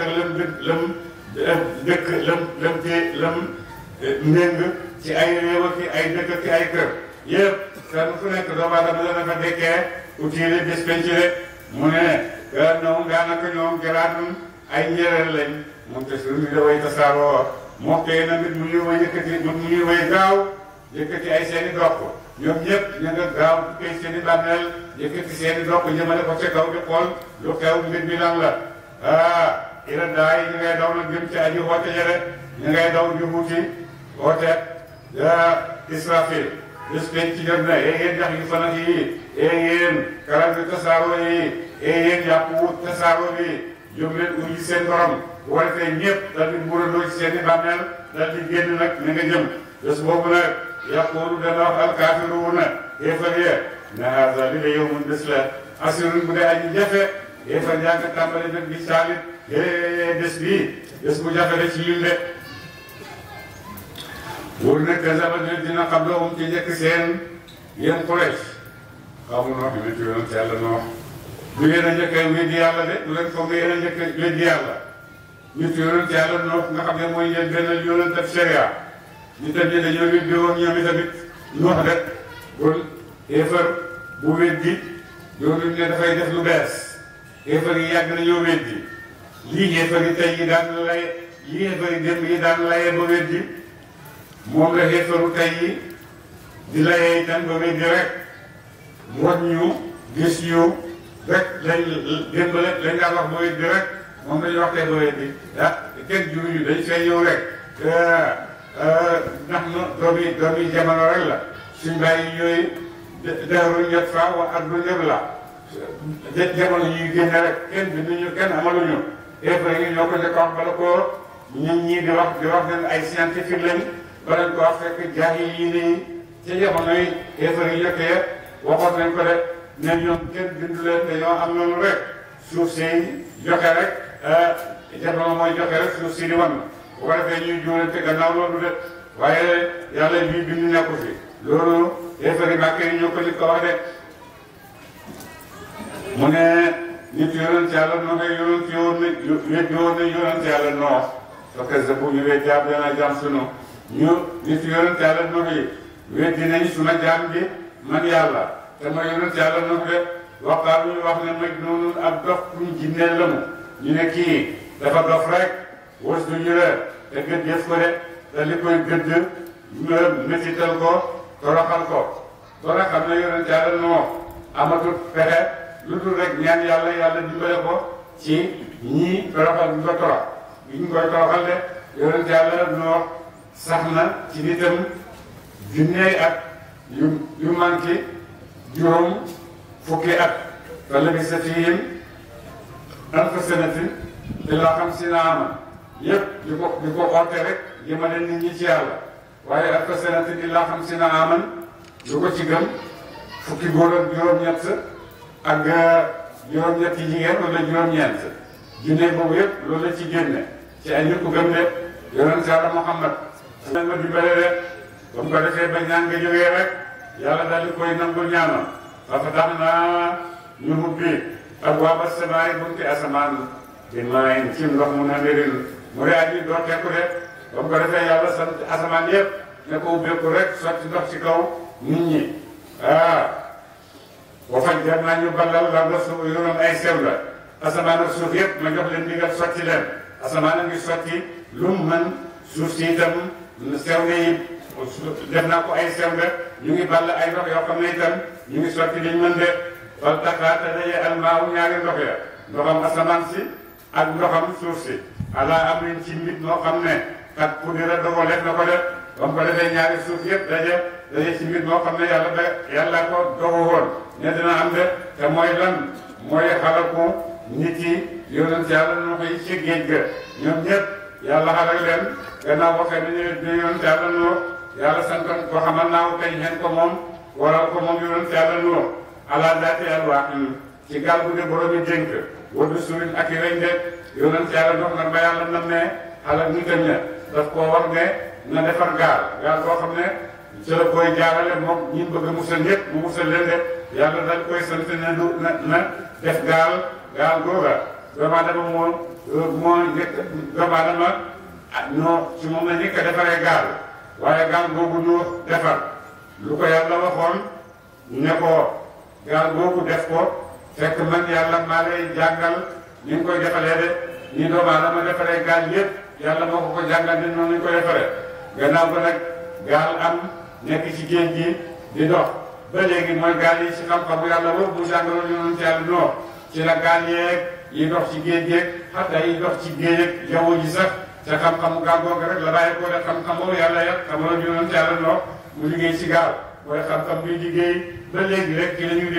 S1: lam lam dëkk lam lam té lam ngeng ci ay réew ak ay dëkk ak ay kër yépp kan fu nekk doomu adama dana fa déké utiile bés penc mu ne ñoom daanaka ñoom jaraatum ay njëriñ lañ moom te suñu daway tasaaroo mokkee na nit mu ñuy way yëkkati mu ñuy way gaaw yëkkati ay seen i ñoom ñëpp ña nga gaaw kay seen i bàmmeel yëkkati seen i dokk jëmale ko ca di xool lu xew mbir mi lan la ah ila daay ñu ngay daw nag jëm ci aji woote jare ñu ngay daw di wuti woote ah, israfil bés penc jot na yéen ngeen jox yu fan ak yii ee yéen kalam bi tasaaroo yi ee yéen yàqu wut tasaaroo bi jóg leen uyu seen borom bu ko defee ñëpp daal di mbuurandoo ci seen i bàmmeel daal di génn nag na nga jëm bés boobu nag yàquwul dana wax alkaafiruuna yéefar ya ne haasa li nga yow mun bés la asirun bu dee aji jafe yéefar yaa nga tàmbali nag di caalit bés bii bés bu jafe la ci ñun de wóor na kasaba dina xam ne moom ci njëkk seen yéen Quraysh xamu noox yonent yonent yàlla noox du yéen a njëkk a weddi yàlla weddi yàlla nit yonent nga xam ne mooy ñeen benn yonent weddi woon ñoom itamit noox lu bees yéefar yi yàgg nañoo weddi tey yi daan moom la yéefaru tey yi di layee itam ba weddi rek woñ ñu gis ñu rek lañ démb lañ daan wax mooy bi rek moom la ñu waxtee mooy bi ah kenn juruñu dañ fee ñëw rek ah, ah, ndax na doomi doomi jamono rek la suñ bàyyi ñooy deru ñet fa wa ak du la jamono ñuy génne rek kenn binduñu kenn amaluñu effet yi ñoo ko njëkk wax bala ko ñun ñii di wax di wax ne ay scientifique lañ bala ko wax fekk jaay yi nii ci jamono yi yi njëkkee waxoon nañ ko de ne ñoom kenn bindu leen dañoo am loolu rek suuf si joxe rek eh, jafe mooy joxe rek suuf si di wan bu ko defee ñuy juurante gannaaw loolu de waaye yàlla ñuy bindu nekku fi loolu li ko de mu ne nit yonent yàlla noo ngay yonent yoon na wéddi woon na yonent yàlla noo parce que bu ñu wee jaam dana jaam sunu ñu nit yonent yàlla noo ngay wéddi nañ suma jaam bi man yàlla te ma yonent yàlla na ko def waxtaan ñu wax ne maj noonu ak dox kuñ jinnee la ñu ne kii dafa dox rek wës du ñu la te gëdd yëf ko de te li koy gëdd métital ko toroxal ko kon nag xam ne yàlla noo amatul pexe lu dul rek ñaan yàlla yàlla dimbale ko ci ñii toroxal bi ñu torox bi ñu koy toroxal de yonent yàlla noo sax na ci nitam junneey ak yu yu manqué juróom fukki at fa labisa fihim alfa sanatin illaa xamsiina aaman yëpp di ko di ko oote rek jëmale nit ñi ci yàlla waaye alfa sanatin illaa xamsiina aaman du ko ci gëm fukki góor ak juróom-ñett ak euh, juróom-ñett yi boobu yëpp loolu ci génne ci ay nit ku gëm de yonent Yàlla Muhammad. di bële de. ba mu ko defee ba a nga jógee rek yàlla daal di koy nangul ñaanam parce que tax naa ñu ubbi ak ba samaay bunti asamaan bi maa ngi ci ndox mu na ndërin mu yaa ji doon tekku de ba mu ko defee yàlla sant asamaan yëpp ne ko ubbeeku rek sotti ndox ci kaw nit ñi ah boo faj jar naa ñu ballal la nga suuf yoroon ay sew la asamaan ak suuf yëpp ma jox leen ndigal sotti leen asamaan a ngi sotti lu mu mën suuf si itam sew na def naa ko ay sembe ñu ngi ball ay ndox yoo xam ne itam ñu ngi sotti liñ mën de fal taxaa te daje almaawu ñaari ndox ya ndoxam asamaan si ak ndoxam suuf si ala am nañ ci mbit moo xam ne kat ku dira dogoleef na ko def ba ko defee ñaari suuf yëpp daje daje ci mbit moo xam ne yàlla da yàlla ko dogu woon ne dina am de te mooy lan mooy xalaku nit yi yonent yàlla noo koy ci géej ga ñoom ñëpp yàlla xalak leen gannaaw waxee yàlla santoon ko xamal naa ko kañ xen ko moom wala ko moom yonent yàlla nuur ala zaati alwaaxin ci gaal bu dee borom yi dénk wadu surin ak i reñ de yonent yàlla dox na ba yàlla nam ne xala nitam ña daf koo wax ne na defar gaal gaal boo xam ne ci la koy jaarale moom ñi bëgg a musal ñëpp mu musal leen de yàlla dañ koy sant ne du na na def gaal gaal googa doomu aadama moo moo njëkk doomu aadama ah, noo ci moom la njëkk a defaree gaal waaye gaal googu ñu defar lu ko yàlla waxoon ne ko gaal googu def ko fekk man yàlla maa lay jàngal ni nga koy defalee de ni doomu aadama defaree gaal yépp yàlla moo ko ko jàngal ni noonu ñu ko defaree gannaaw ba nag gaal am nekk ci géej gi di dox ba léegi mooy gaal yi ci xam-xamu yàlla boobu mu jàngaloon yoonu ci yàlla noo ci la gaal yeeg yi dox ci géej geeg xataa yi dox ci géej ak sax te xam-xamu gaal googu rek la bàyyi de xam-xam boobu yàlla yàq xamaloon ñu doon teel a mu liggéey ci gaal mooy xam-xam bi liggéey ba léegi rek ci la ñuy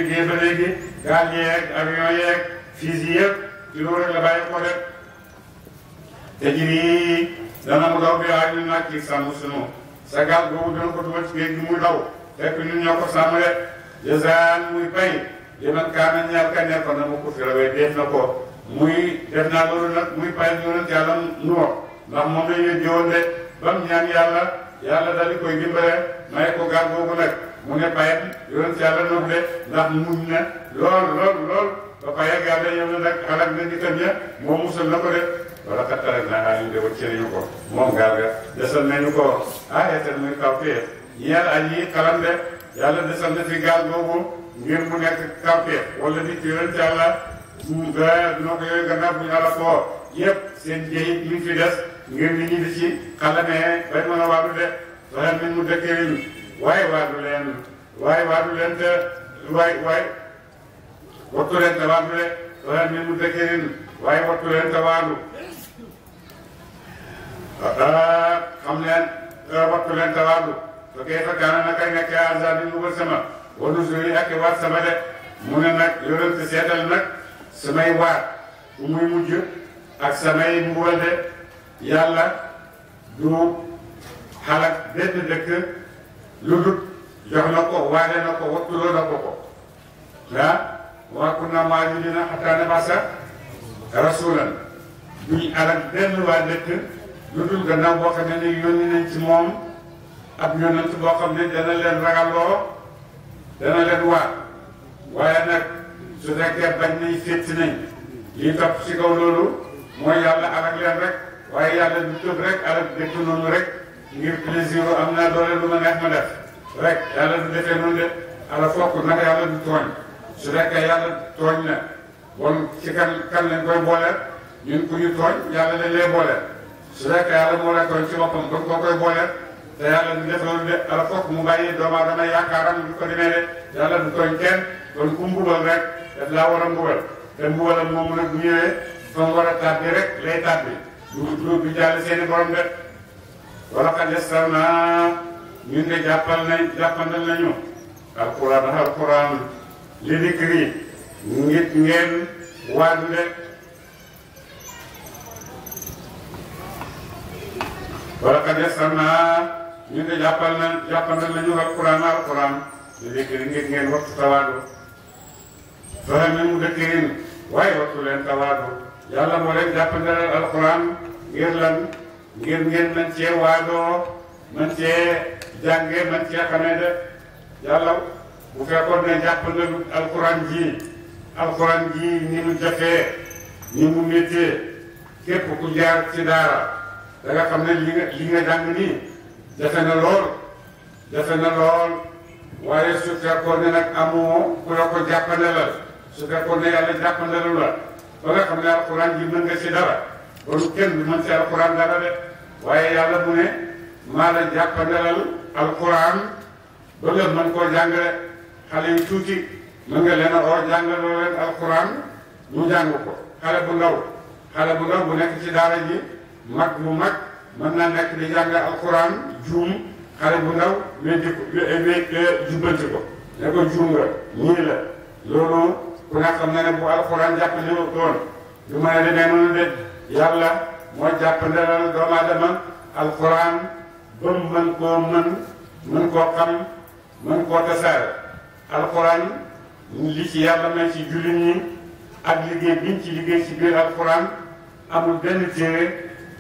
S1: te ji dana mu daw bi def na ko muy def naa loolu nag muy pay ñu doon teel a ndax moom lañu leen jëwoon de ba mu ñaan yàlla yàlla daal di koy dimbale may ko gaal boobu nag mu ne bayam yoon si yàlla noonu de ndax muñ na lool lool lool ba ko yàgg yàlla yow na nag xalaat na ni tam ya moo musal na ko de wala ka tere na ay de wax ci ko moom gaal ga desal nañu ko ah yeteel muy kaw fee ñeel ay yi xalam de yàlla desal na fi gaal boobu ngir mu nekk kaw fee wala nit ci yoon si yàlla mu gaa noo ko yooyu gannaaw bu ñu ko yëpp seen jëy li fi des ngir ni ñi ci xalame ba mëna waru de wala min mu dekké yi way waru len way waru len te way way waru len te waru de wala min mu dekké yi way waru len te waru ah xam len waru len te waru da kay fa gana na kay nekk azab bi mu sama wonu suri ak wa sama de mu ne nak yoonte sétal nak samay waat muy mujj ak samay mbolé yàlla du xalaat benn dëkk lu dul jox na ko waare na ko wattuloo na ko ko ah wa kunna maajidina hatta nabasa rasulan duñ alal benn waa dëkk lu dul gannaaw boo xam ne yónni nañ ci moom ab yónnant boo xam ne dana leen ragalloo dana leen waar waaye nag su fekkee bañ nañ fétti nañ li topp ci kaw loolu mooy yàlla alal leen rek waaye yàlla du tëb rek alal dëkk noonu rek ngir plaisir am du defee noonu de ala fokk nag yàlla du tooñ su fekkee yàlla tooñ na bon ci kan kan lañ koy booleel ñun ku ñu tooñ yàlla dañ booleel su yàlla moo la tooñ ci boppam ba koo koy booleel te yàlla du def noonu de ala fokk mu bàyyi doomu aadama yaakaaram du ko demee de yàlla du tooñ kenn kon ku rek daf laa war a te mbugalam moomu nag bu ñëwee fa mu war a rek lay tàbbi dugub dugub bi jàll seeni borom de wala xad yassarnaa ñun de jàppal nañ jàppandal nañu alquran ndax alquran li dikri ngir ngeen waadu de wala xad yassarnaa ñun de jàppal nañ jàppandal nañu alquran alquran li dikri ngir ngeen waxtu tawaadu fahamimu dakirin waaye waxtu leen tawaadu yàlla moo leen jàppandalal alquran ngir lan ngir ngeen mën cee waadoo mën cee jàngee mën cee xamee de yàlla bu fekkoon ne jàpp na alxuraan ji alxuraan ji ni mu jafee ni mu méttee képp ku jaar ci daara da xam ne li nga li nga jàng nii jafe na lool jafe na lool waaye su fekkoon ne nag amoo ku la ko jàppandalal su fekkoon ne yàlla jàppandalu la ba nga xam ne alxuraan ji mën nga ci dara loolu kenn du man ci alquran dara de waaye yàlla mu ne maa la jàppandalal alquran ba nga mën koo jàngale xale yu tuuti mën nga leen oo jàngaloo leen alquran ñu jàng ko xale bu ndaw xale bu ndaw bu nekk ci daara ji mag bu mag mën naa nekk di jàng alquran juum xale bu ndaw mais di ko ne juum nga ñii la loolu ku ne xam na ne bu alquran jàpp ñu doon du mën a demee noonu de yàlla moo jàpp ndalal doomu aadama alquran ba mu mën koo mën mën koo xam mën koo tasaare alquran li ci yàlla may ci jullit ñi ak liggéey biñ ci liggéey ci biir alquran amul benn téere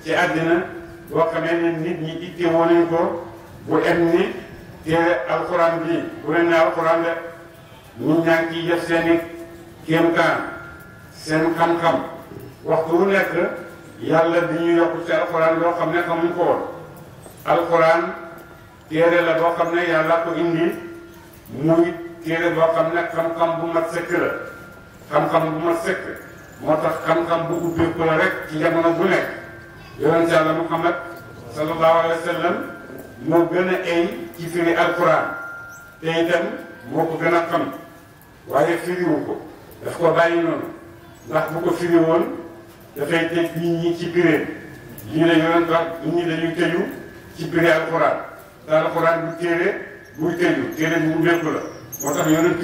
S1: ci àddina boo xamee ne nit ñi itte woo nañ ko bu em ni téere alquran bi bu mel ne alquran la ñu ñaa ngi ciy def seen xam-xam waxtu wu nekk yàlla di ñu yokk ci alxuraan loo xam ne xamuñ ko woon alxuraan téere la boo xam ne yàlla ko indi muy téere boo xam ne xam-xam bu mat sëkk la xam-xam bu mat sëkk moo tax xam-xam bu ubbeeku la rek ci jamono bu nekk yonent yàlla Muhammad sallallahu alayhi wa sallam gën a ay ci firi alxuraan te itam moo ko gën a xam waaye firiwu ko daf ko bàyyi noonu ndax bu ko firi dafay tëj nit ñi ci biir nit ñi dañu tëju ci biir alxuraan alxuraan du téere buy tëju téere bu la moo tax yonent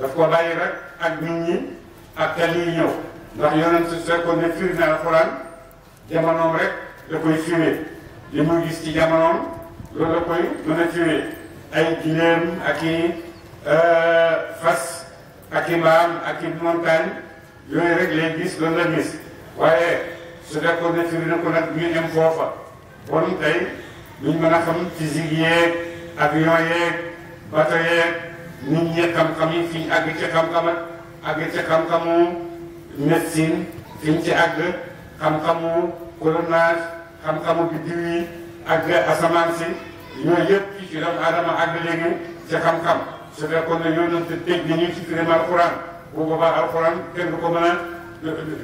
S1: daf ko bàyyi rek ak nit ñi ak tali yi ndax yonent ne na alxuraan rek da koy li muy gis ci jamonoom loolu da koy mën a ay gileem ak euh, fas ak ak montagne rek gis la waaye su fekkoon ne firi na ko nag ñu em foofa bon tey duñ mën a xam physique yeeg avion yeeg bato yeeg nit ñi xam-xam yi fiñ àgg ci xam-xam ak àgg ci xam-xamu médecine fiñ ci àgg xam-xamu colonnage xam-xamu biddiw yi àgg asamaan si ñooñu yëpp ci ci doomu aadama àgg léegi ci xam-xam su fekkoon ne ñoo doon te tëj ni ñu ci firima alxuraan bu boobaa alxuraan kenn du ko mën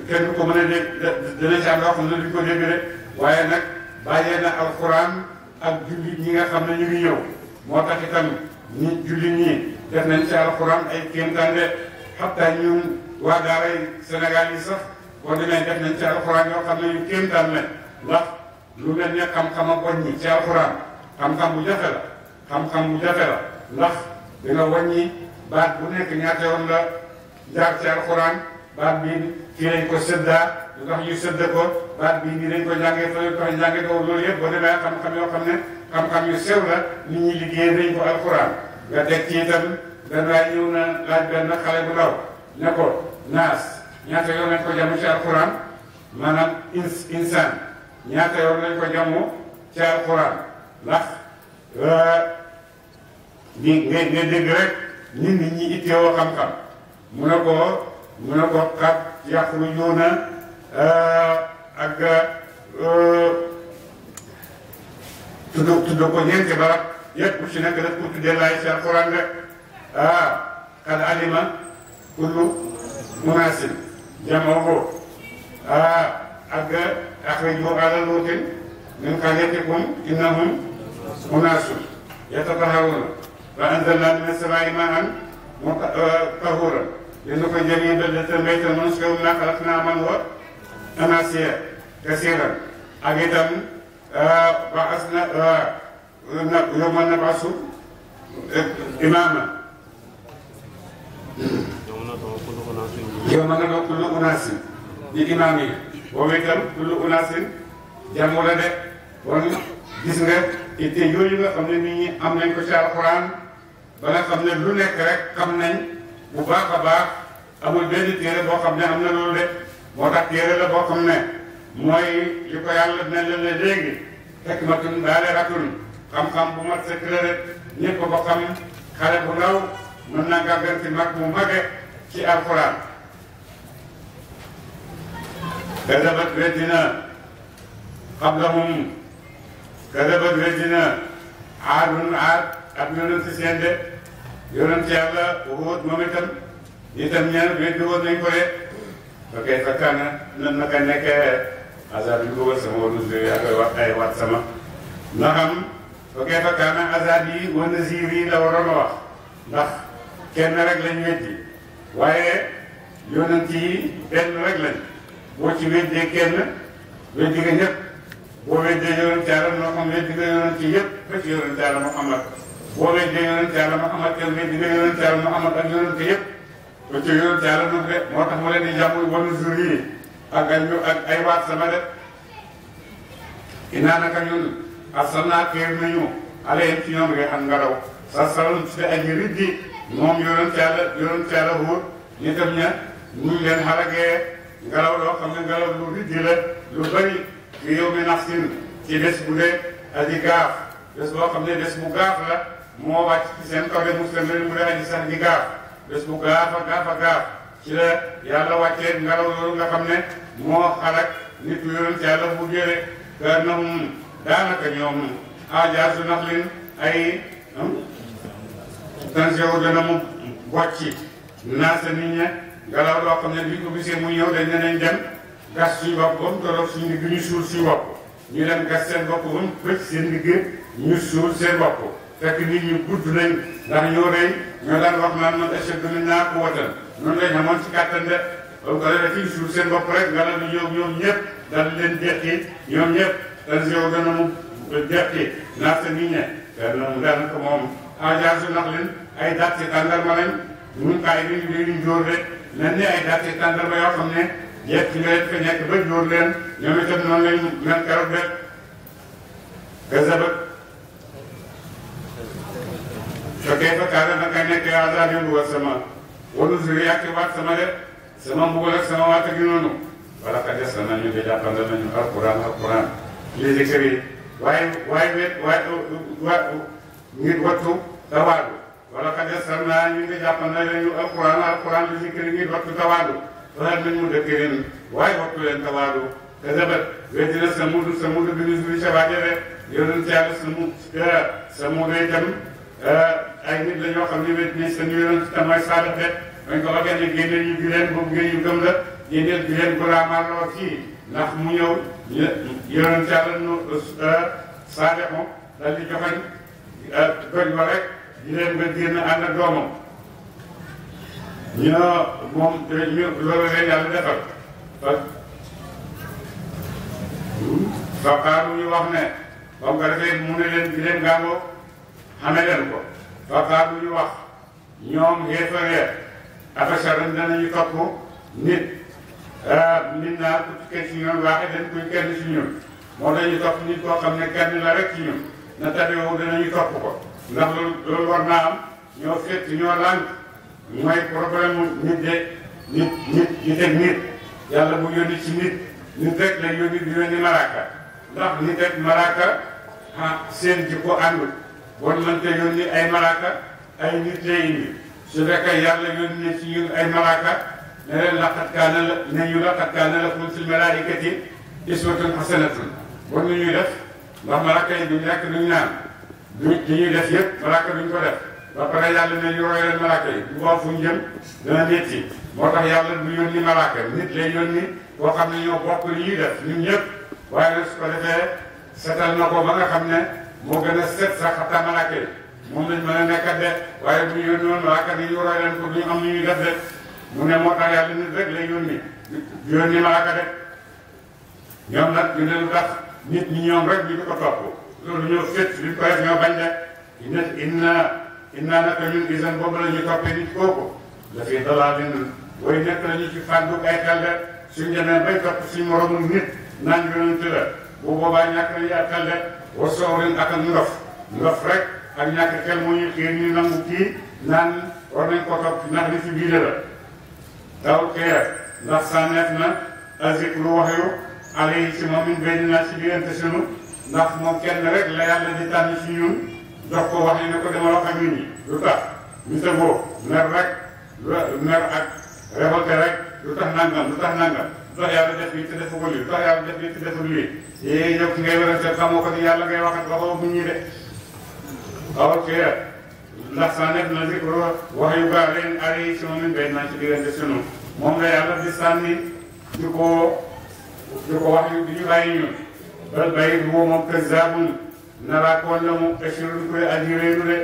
S1: kenn du ko mën a dégg dana ci am xam ne duñ ko dégg de waaye nag bàyyee na alxuraan ak jullit ñi nga xam ne ñu ngi ñëw moo tax itam jullit ñi def nañ si alxuraan ay kéemtaan de xataa ñun waa daaray Sénégal yi sax boo demee def nañ ci alxuraan yoo xam ne yu kéemtaan la ndax lu mel ne xam-xama wàññi ci alxuraan xam-xam bu jafe la xam-xam bu jafe la ndax di nga wàññi baat bu nekk ñaata la jaar ci alxuraan baat bii fii lañ ko sëddaa lu tax ñu sëdda ko baat bi nii lañ ko jàngee fa ko jàngee ko loolu yëpp ba demee xam-xam yoo xam ne xam-xam yu sew la nit ñi liggéey nañ ko alxuraan nga teg ci itam benn waay ñëw na laaj benn xale bu ndaw ne ko naas ñaata yoon lañ ko jàmm ci alxuraan maanaam insaan ñaata yoon lañ ko jàmm ci alxuraan ndax euh, ni nga nga dégg rek nit ñi xam-xam mu ne ko mu ne ko xat yaxrujuuna eh, ak tudd eh, tudd ko ñeenti barab yëpp bu ci nekk daf ko tuddee laay ci alquran rek ah xad alima kullu munasin jamoo ah ak axriju ala luutin min qaryatikum innahum munasun yatataharuuna fa anzalna min as-samaa'i maa'an tahuuran eh, yang dapat jadi dari tempat yang manusia menakar nama luar nama saya kesiran agitam euh, bahas nak euh, nak zaman nak pasu euh, imam zaman nak dok dulu unasi di imami wajib dulu unasi yang mulai dek pun disengat itu yang juga kami ini amnen kecil Quran balik kami lunak rek kami bu baax a baax amul benn téere boo xam ne am na loolu de moo tax téere la boo xam ne mooy li ko yàlla mel ne léegi fekk ma tun daale ratun xam-xam bu mat sëkk la ko xam xale bu ndaw mën na gàggal ci mag bu mage ci alxuraan kadabat weddina xablahum kadabat weddina aadun aad ak yonent si seen de yonent yàlla wóot moom itam itam ñaar weddi woon nañ ko de ba kay na naka nekk azar bi ko wër yaa koy wax ay waat sama na xam ba kay fa kaana azar yi la waroon a wax ndax kenn rek lañ weddi waaye yonent yi benn rek lañ boo ci weddee Muhammad boo weddee yonent yàlla Muhammad te weddi nga yonent yàlla Muhammad ak yonent yëpp ba ci yonent yàlla Nuux de moo tax ma leen di jàmm wanu jour yi ak ay ak ay waat sama de inaa naka ñun arsalnaa kéer nañu alayhim ci ñoom ngay xam nga daw sa salum si ay riddi moom yonent yàlla yonent yàlla wóor nitam ña ñu leen xaragee ngelaw loo xam ne ngelaw lu riddi la lu bëri fi yow mi nafsin ci des bu dee aji gaaf des boo xam ne des bu gaaf la moo wàcc ci seen kaw mu seen leen mu leen aji sax di gaaf bés bu gaaf a gaaf a gaaf ci la yàlla wàccee ngelaw loolu nga xam ne moo xalak nit yu yoon ci yàlla bu jëre ga nahum daanaka ñoom ajaasu naxlin ay tansewu dana mu bocci naa sa nit ña ngelaw loo xam ne bi ko gisee mu ñëw dañ ne dem gas suñu bopp ba mu tolloog suñu digg ñu suul suñu bopp ñu dem gas seen bopp ba mu bëcc seen digg ñu suul seen bopp fekk nit ñu gudd nañ ndax ñoo rey ñu daan wax naan man échec dana naa ko watal noonu lay xamoon si kàttan de nga la fi suuf seen bopp rek nga la ñu yóbbu ñoom ñëpp dal leen deqi ñoom ñëpp dal si yow gën a mu deqi naa sa nit ñe kenn mu daan ko moom ajaar su nax leen ay dàtt tàngarma lañ ñun kaay bi ñu leen njóor rek lan ne ay dàtt tàngarma yoo xam ne yëpp ci nga yëpp nekk ba njóor leen ñoom itam noonu lañ ñu mel keroog rek gëzabëg fa kayfa kaana naka nekk azaabi mbugal sama wanu siri yàq waat sama de sama mbugal ak sama waat ak noonu wala ka des nañu te jàppandal nañu alquran alquran li zikri waaye waaye waaye ngir wattu tawaadu wala ka des nañu te jàppandal nañu alquran alquran li zikri ngir wattu tawaadu faral nañu mu dëkk leen waaye wattu leen tawaadu te dabat weddina samudu samudu bi ñu suri cabaajale yonent yàlla samu samudu itam Euh, ay nit la ñoo xam ne wet ni seen yonent te mooy Sadio Fett bañ ko waxee ne génne ñu gi leen boobu ngeen gëm la génneel gi leen gulaamal loo kii ndax mu ñëw yonent yàlla nu euh, Sadio moom dal di joxañ goj euh, ba rek di leen ba génn ànd ak doomam ñu moom ñu loolu leen yàlla defal fa xaaru ñu wax ne ba mu ko defee mu ne leen di leen gàngoo xame ko ba baax ñu wax ñoom xeefareer afasaran danañu topp nit min ah, naa ku tukkee ci ñoom waaxe dañ koy kenn ci ñun moo dañu topp nit koo xam ne kenn la rek ci ñun na tabewu danañu topp ko ndax loolu loolu war naa ñoo fekk ñoo lànk mooy problème nit de nit nit ñu teg nit yàlla bu yónni ci nit nit rek la yónni du yónni malaaka ndax nit rek malaaka ah seen jikko àndul bon mënta yónni ay malaaka ay nit lay indi su fekkee yàlla yónni na ci ñun ay malaaka ne leen laqad la ne ñu laqad kaana lakum fil malaa'ikati uswatun bon nu def ndax malaaka yi duñ lekk duñ naan du li ñuy def yëpp malaaka duñ ko def ba pare yàlla ne yi bu baax fu ñu jëm dana métti moo tax yàlla du nit lay yónni boo xam ne ñoo bokk li ñuy def ñun ñëpp waaye nag su ko defee setal na moo gën a set sax xataa malaaka yi moom lañ mën a nekkat de waaye bu ñu yónnoon malaaka ni ñu roy leen ko du ñu am nu ñuy def de mu ne moo tax yàlla nit rek lay yónni yónni malaaka de ñoom nag ñu ne lu tax ñi ñoom rek ñu di ko topp loolu ñoo fét li ñu ko def ñoo bañ de inna inna inna naka ñun isan boobu la ñu toppee nit kooku dafay dalaa leen way nekk la ñu ci fàndu ay xel de suñ demee bay topp suñ moromu nit naan yonent la bu boobaa ñàkk nañu ak war soo ren ak ndof ndof rek ak ñàkk xel moo ñu xiir ñu nangu kii naan war nañ ko topp ndax li fi biide la daw xeer ndax sànneef na azik lu waxyu alay ci moom min benn naa ci diggante sunu ndax moom kenn rek la yàlla di tànn ci ñun jox ko wax ne ko dama wax ak nit ñi lu tax ñu mer rek mer ak rek lu tax nangam lu tax nangam dox yaa bi def lii te defagul lii dox yaa bi def lii te defagul lii yéen ñëpp ngay werante xamoo ko ni yàlla ngay waxat waxoo bu ñuy de waaw kii ndax saa nekk na zikru wax yu baax leen ari si moom it ci diggante sunu moom la yàlla di di ko di ko wax yu di ñu bàyyi ñun bal bay bu moom kazaabun naraakoon la mu assuré du koy aji réeru de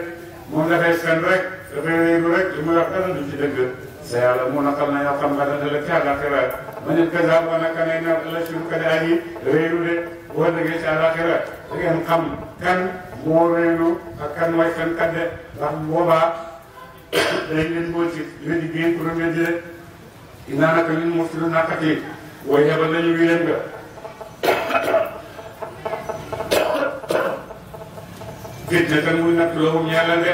S1: moom dafay fen rek dafay réeru rek li muy wax dara du ci dëgg sa yàlla mu naqal na yoo xam nga la caaga xiraat ma ne kaza ba naka nay la suñu ko daal yi réeru de boo déggee ci àlaxira da ngeen xam kan moo réeru ak kan mooy kan kat de ndax boobaa day leen moo ci wédi ngeen ko doon de dinaa naka ñun mosu lu naqat yi waaye yabal nañu wi na tan muy natt loolu yàlla de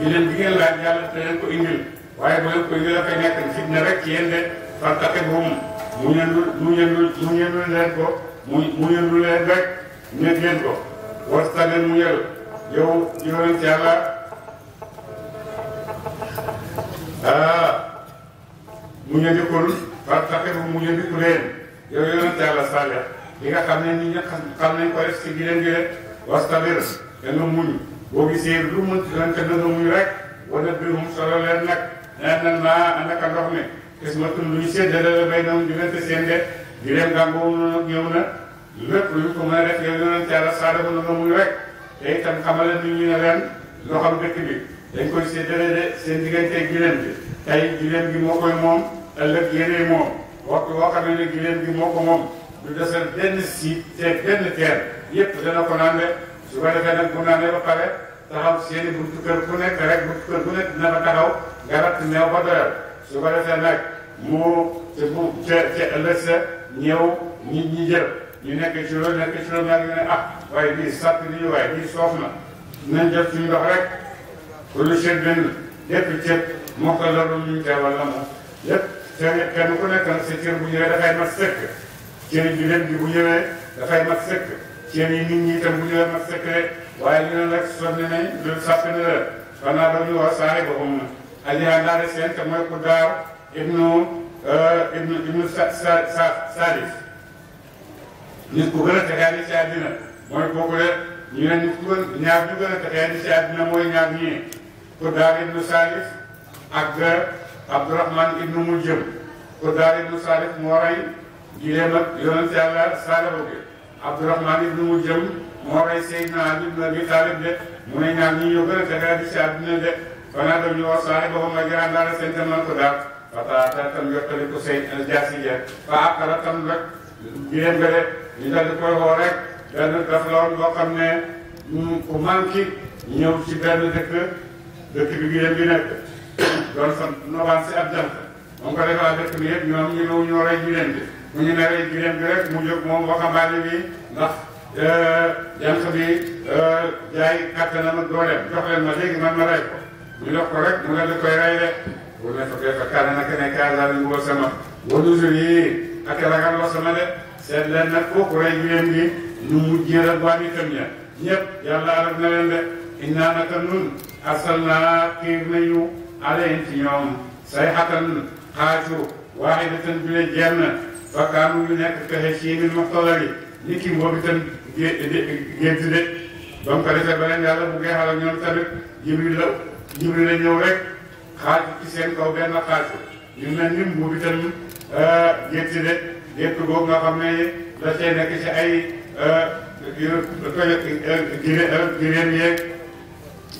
S1: ñu leen di ngeen laaj yàlla te leen ko indil waaye bu leen ko indil dafay fitna rek ci yéen de fartaqibhum mu yëndu mu yëndu mu yëndu leen ko mu mu yëndu leen rek ñëpp yënd ko wastaleen mu yëru yow yonent yàlla ah mu yëndikul fartaxir mu yëndiku leen yow yonent yàlla Saalix li nga xam ne nit ñi xam nañ ko rek si gileen gi rek wastabir te nga muñ boo gisee lu mu mënti lan te nga muñ rek wala biir mu solo leen nag nee na naa naka ndox mi. xismatun lu ñu séddale la bay nam diggante seen de di leen gàmbu ñëw na lépp lu ñu ko mën a def yow yonent yàlla saadaku na nga muy rek te itam xamale ni ñu ne leen loo xam dëkk bi dañ koy séddale de seen diggante gileem bi tey gileem gi moo koy moom ëllëg yéenee moom waxtu boo xamee ne gileem gi moo ko moom du desal benn siit te benn teer yépp ko naan de su ko defee nag bu ba pare taxaw seeni buntu kër bu nekk rek buntu kër bu nekk dina fa taxaw garab meew su ko defee nag mu te bu ca ca ëllëg sa ñëw ñi jël ñu nekk ci loolu nekk ci loolu nag ñu ne ah waaye bii sàtt nañu waaye bii soof na nañ jot suñu ndox rek lu seet benn lépp ceeb moo ko loolu ñu teewal la moom lépp te kenn ku nekk nag sa cër bu ñëwee dafay mat sëkk cër yi jullit bi bu ñëwee dafay mat sëkk cër yi nit ñi itam bu ñëwee mat sëkk waaye li ne nag sonn nañ loolu sàpp na la xanaa dañuy wax saare boppam na aliyaa daara seen te mooy ku ibnu euh, ibnu ibnu sa sa sa sadis ku gën a texee ni ci àddina mooy kooku de ñu ne nit ku gën ñaar ñu gën a texee ni ci àddina mooy ñaar ñii ku daaw ibnu sadis ak euh, abdourahman ibnu muljëm ibnu sadis moo ibnu muljëm moo rey seydina ali ibnu abi talib de mu فنادى ابنه وصاحبه مجرى دار سيد المنقذة فتعطى تم يقتل حسين الجاسية فعقر تم rek jigéen ba rek ñu dal di koy woo rek benn daf la woon boo xam ne ku manqué ñëw ci benn dëkk dëkk bi jigéen bi nekk doon sa nobaan si ab jant moom ko defaa dëkk bi yëpp ñoom ñu ñëw ñoo rey jigéen bi mu ñu ne rey jigéen bi rek mu jóg moom waxambaane bi ndax jant bi jaay kattanam ak dooleem jox leen ma léegi man ma rey ko ñu def ko rek mu ne dañ koy rey de bu ne fa kay sama wanu jur yi ak ragal wax sama de seet leen nag kooku rey giléem gi ñu mujjee rek waa nitam ña ñëpp yàlla arab na leen de innaa naka nun asal naa xiir nañu alayhim ci ñoom say xatan xaaju waahidatan bi ne jenn fa kaanu yu nekk pexe ci min muxtalari ni ki mboobi tan gént de ba mu ko defee ba leen yàlla bu geexal ak ñoom tamit jibril la ñibbi la ñëw rek xaaj ci seen kaw benn xaaj ñu mel ni mbuubi itam euh, gétti de gétt googu nga xam ne la see nekk ci ay giréen euh, yeeg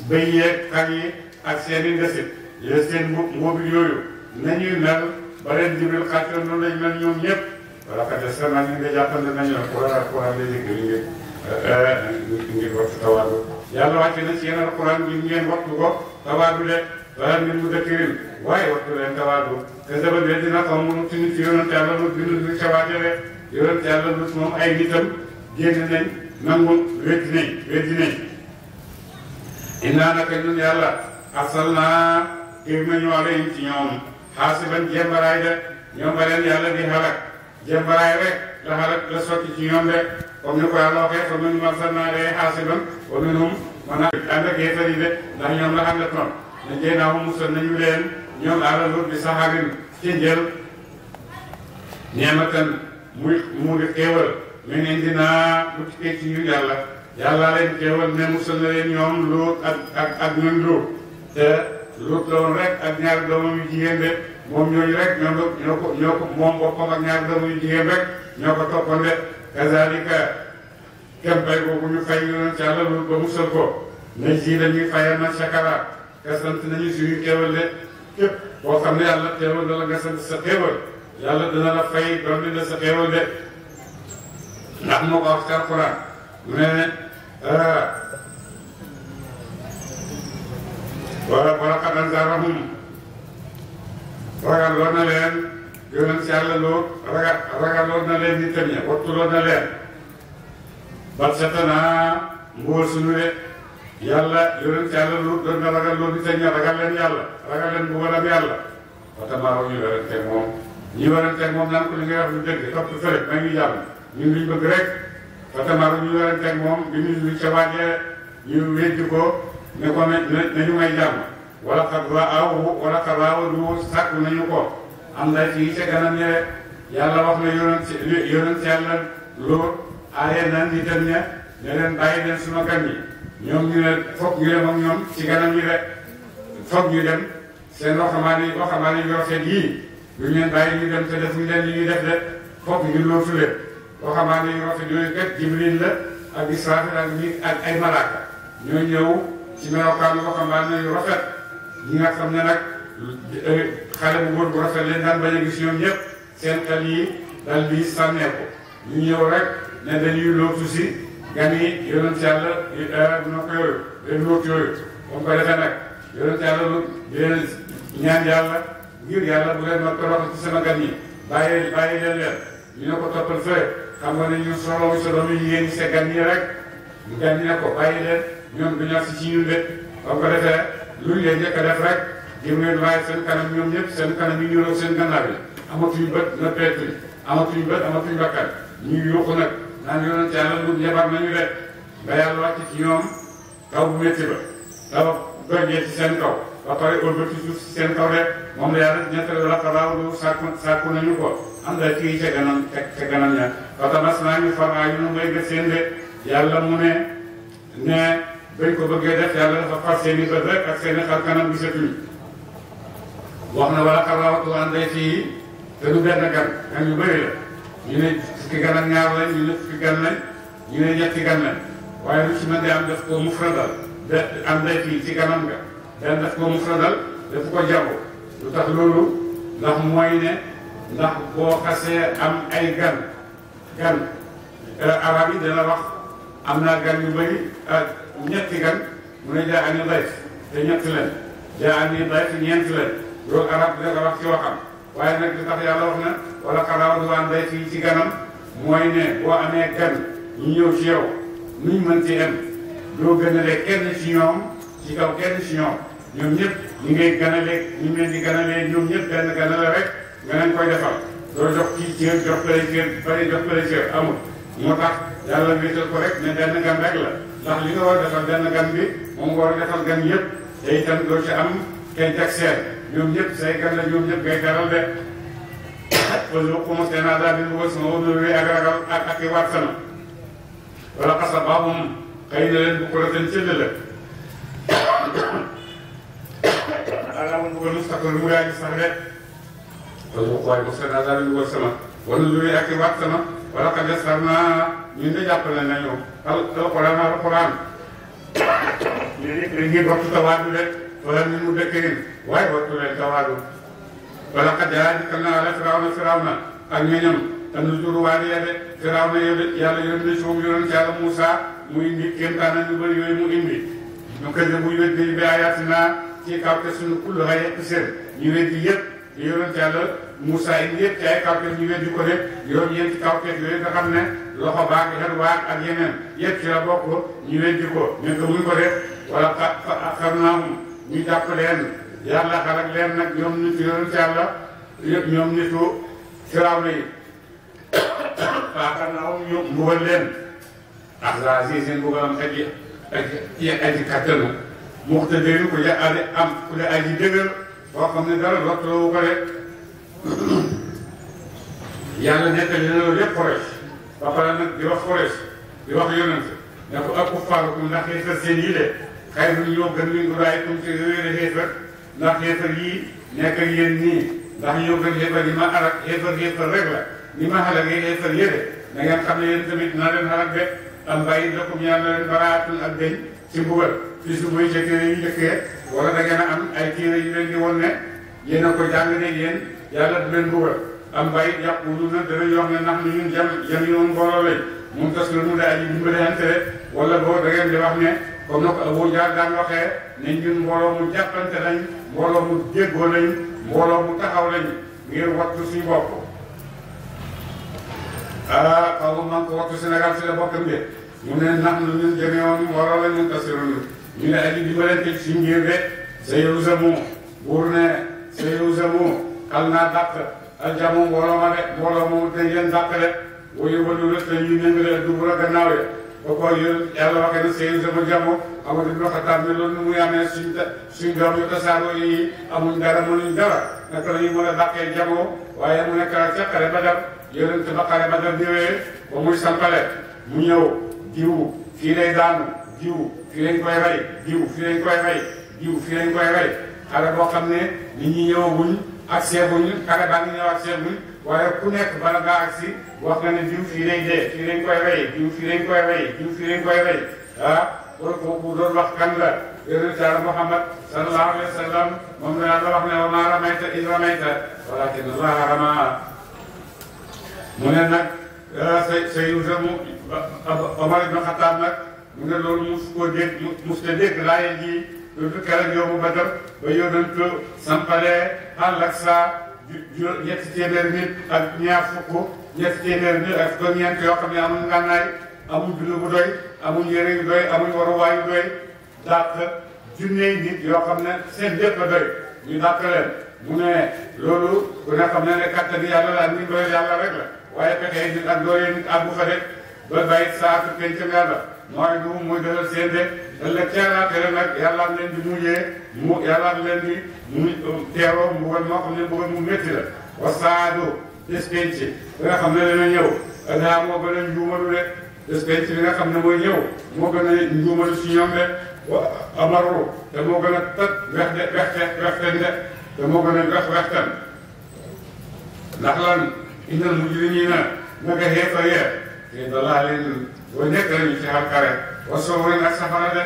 S1: bëy yeeg xar yi ak seen i ndesit yooyu seen mbuub mbuubi yooyu nañuy mel ba jibril xaaj ko noonu lañ mel ñoom ñëpp wala kat des na ñu nga jàppante nañu la pour pour am léegi ngir waxtu tawaat yàlla wàcc na ci yeneen alquran bi ngeen waxtu ko. tawaadu de wala min mu dëkkirin waaye waxtu leen tawaadu te sabal bi dina xaw mu ci nit ci yonent yàlla lu bindu lu cawaate de yonent yàlla lu moom ay nitam génn nañ nangu weddi nañ weddi nañ innaa naka ñun yàlla asal naa tir nañu alayhim ci ñoom xaasiban jembaraay de ñoom ba leen yàlla di xalak jembaraay rek la xalak la sotti ci ñoom de comme ni ko yàlla waxee fa minhum arsalnaa alayhi xaasiban wa minhum kon a ànd ak yeesal de ndax ñoom la ànd ak noonu dañ cee musal nañu leen ñoom àll bi saxaarin ci njël ñeematan muy mu ngi xéewal mi ngi dinaa bu tukkee ci ñun yàlla yàlla leen xéewal ne musal na leen ñoom luut ak ak ak ñun luut te luut la rek ak ñaari doomam yu jigéen de moom ñooñu rek ñoo ko ñoo ko moom boppam ak ñaari doomam yu jigéen rek ñoo ko toppande kazalika kem bay boobu ñu fay yonent yàlla loolu ba musal ko ne sii dañuy fayal na shakara nga sant nañu suñu xéewal de képp boo xam ne yàlla xéewal na la sa xéewal yàlla dina la fay dolli la sa xéewal de ndax moo ko wax ci alquran mu ne wala ah, wala xadan ragal loon na leen yonent yàlla loo ragal ragal loon na leen nitam ña wattu loon na leen bal setanaa nguur suñu de yàlla yonent yàlla lu doon na ragal loolu te ña ragal leen yàlla ragal leen mbugalam yàlla fatamaaro ñu werante moom ñu werante moom naan ko li ngay wax lu dëgg topp fële ma ngi jàmm ñun liñ bëgg rek fatamaaro ñu werante moom bi ñu lu cabaatee ko ne ko nañu may jàmm wala xat wa aw wala xat wa aw du sàkk nañu ko am lay ci ca ganam ñëwe yàlla wax na yonent yonent yàlla loolu aaree nan ñu dem ne leen bàyyi leen suma gan yi ñoom ñu ne foog ñu dem ak ñoom ci ganam ñu de foog ñu dem seen waxamaane waxamaane yoo xeet yii ñu dem jibril la ak Israafil ak ñi ak ay malaaka ñoo ñëw ci melokaanu waxamaane yu rafet ñi nga xam ne nag eh, xale bu góor bu leen daan bañ a gis ñoom ñëpp seen xel yi dal di sànnee ñu ñëw rek ne dañuy lóotu si gan yi yonent yàlla na ko yooyu dañ lóot yooyu comme ko defee nag yonent yàlla lu leen ñaan yàlla ngir yàlla bu leen ma yi bàyyi bàyyi leen leen ko toppal fee xam nga ne ñun soxla sa doom yi jigéen ñi sa gan yi rek gan yi ne ko bàyyi leen ñoom du ñàkk si ci ñun de comme ko defee luñ leen njëkk a def rek jëm leen waaye seen kanam ñoom ñëpp seen kanam yi ñëw ak seen gannaaw yi amatuñ bët na peetuñ amatuñ bët amatuñ bakkan ñu yuuxu nag ndax yonent yàlla lu yabar nañu rek ba yàlla wàcc ci ñoom kaw bu métti ba dafa gojjee ci seen kaw ba pare ëlbati ci seen kaw rek moom la yàlla ñetteel la xalaaw sàkku sàkku ko am naa ñu far aayu nu may gis seen de yàlla mu ne ne bañ ko bëggee def yàlla dafa far seen i bët rek ak seen i xar kanam gisatuñu wax na wala xalaaw an day fii te du benn gan gan yu bëri la ñu ne fukki gan ak ñaar lañ ñu gan lañ ñu ne ñetti gan lañ waaye lu ci mën di am daf ko mufradal da am day fii ci ganam nga ko mufradal daf ko jago lu tax mooy ne ndax boo xasee am ay gan gan euh, arab yi dana wax am naa gan yu euh, ñetti gan mu ne jaa ani dayf te ñetti leen jaa ani dayf ñeenti leen loolu arab dana wax ci waxam waaye nag li tax yàlla wax na wala xalaaw duwaan day fii ci ganam mooy ne boo amee gan ñu ñëw ci nuñ mën ci am gënale kenn ci ñoom ci kaw kenn ci ñoom ñoom ñëpp ñi ngay ganalee ñi mel ni ganalee ñoom ñëpp benn ganale rek nga leen koy defal doo jox kii cër jox ko cër bari jox ko cër amul moo tax yàlla wéetal ko rek ne benn gan rek la ndax li nga war a defal benn gan bi moom nga war a defal gan yëpp te itam doo ci am kenn jag seen ñoom ñëpp say la ñoom ñëpp ngay teral de wala waxuma seen aada bi wala sama wóor yi ak ragal ak ak i waat sama wala xasa baabum xëy na leen bu ko la seen cëll la. allah moom bëggoon na sax lu mu yaay sax de wala waxuma seen aada bi wala sama wala lu yi ak i waat wala xaj a sax naa ñun de jàppale nañu al alxuraan alxuraan. ñu nekk dañuy bokk tawaat bi de wala ni mu dëkkee waaye wattu leen tawaadu wala xad naa la firaaw na firaaw na ak ñoñam am na juruwaar ya de firaaw na yode yoon na suuf yoon yàlla Moussa muy indi kéemtaan ñu bëri yooyu mu indi ñu kër bu weddi bi ayaatinaa ci kaw te suñu kullu xay yëpp seen ñu weddi yëpp yoon yàlla Moussa indi yëpp ci kaw te ko de yoon yéen ci kaw yooyu nga xam ne loxo baag xel waag ak yeneen yëpp ci la bokk ñu weddi ko ñu gëmuñ ko de wala xam naa ñu jàpp leen yàlla xarak leen nag ñoom nitu yonent yàlla ñoom nitu firaw na yi faaxar naa ñu mbugal leen axra si seen mbugalam aji aji aji kattan la muxtadéeni ku ja aji am ku ja aji dëgër boo xam ne dara waxtuloo ko rek yàlla nettali na loolu yëpp xorees ba pare nag di wax xorees di wax yonent ne ko ak kuffaarukum ndax xeetal seen yi de xayru ñoo gën min ulaaikum ci réere xeetal ndax xeefar yii nekk ak nii ndax yow kat xeefar yi ma arak xeefar xeefar rek la ma xalakee xeefar yële da ngeen xam ne yéen tamit naa leen xalak de am bàyyi lakum ñaan na leen ak deñ ci mbugal fii su muy jëkkee yu njëkkee a am ay téere yu leen di woon ne yéen a ko jàng ne yéen yàlla du leen mbugal am bàyyi yàqulu na dana yoo xam ne ndax ñun jam jam yi moom mbooloo lañ moom tas la mu daal yi dimbalante rek wala boo da ngeen di wax ne mbooloo mu déggoo lañ mbooloo mu taxaw lañ wattu suñu bopp ah xaw ma ko wattu Sénégal si la bokkam mu ne nax na ñun demee woon waroo la ñun tasiroon ñu ne aji dimbalante suñu ngir de sa sa moom buur ne sa yow sa naa dàq aljamu mbooloo de mbooloo moomu dañ leen de wuyu ba lu la ñuy méngale dugg la gannaaw ya ba ko yàlla waxee ne sa yow sama a ibn Khattab ne loolu muy amee suñ ta suñ doom a tasaaroo yi amuñ dara mënuñ dara naka la ñuy mën a dàqee jamoo waaye mu nekk ca xare ba def yonent ba xare ba def ñëwee ba muy sampale mu ñëw diw fii lay daanu diw fii lañ rey diw fii lañ koy rey diw fii boo xam ne nit ñi ñëwaguñ ak seeguñ xare baa ngi ñëw ak seeguñ waaye ku nekk bala ngaa agsi wax nga ne diw fii lay dee fii lañ koy rey diw fii lañ rey diw fii lañ rey ah loolu kooku doon wax kan la yonent Yàlla Muhammad sallallahu alayhi wa sallam moom la yàlla wax ne wa maa ramayta iz ramayta walaakinna Allaaha ramaa mu ne nag say say yu mu Omar ibn Xattaab nag mu ne loolu mos koo dégg mos te dégg laaye ji lu dul keroog yóbbu Badar ba yonent sampalee al-Aqsa juróom ñetti téeméer nit ak ñaar fukk ñetti téeméer nit ak fukk ak ñeent yoo xam ne amul ngànnaay amuñ bindu bu doy amuñ yére yu doy amuñ waruwaay yu doy dàq junney nit yoo xam ne seen jëpp la doy ñu dàq leen mu ne loolu ku ne xam ne ne kàtta bi yàlla la ni doy yàlla rek la waaye fexe nit ak doy nit ak bu fa def ba bay saafu pencam yàlla mooy du mooy dëgal seen de ëllëg ceeraa tere nag yàlla am leen di muñee mu yàlla am leen di mu teeroo mu bëgg moo xam ne bëgg mu métti la wa saadu des pencé ku nga xam ne dana ñëw daa moo gën a njuumalu rek espèce bi nga xam ne mooy ñëw moo gën a njuumal si ñoom de wa amaru te moo gën a tët wex de wex de wexten de te moo gën a wex wexten ndax lan innal mujrimina naka xeefa ya fi dalalin wa nekk nañu ci xalkare wa sowrin ak safara de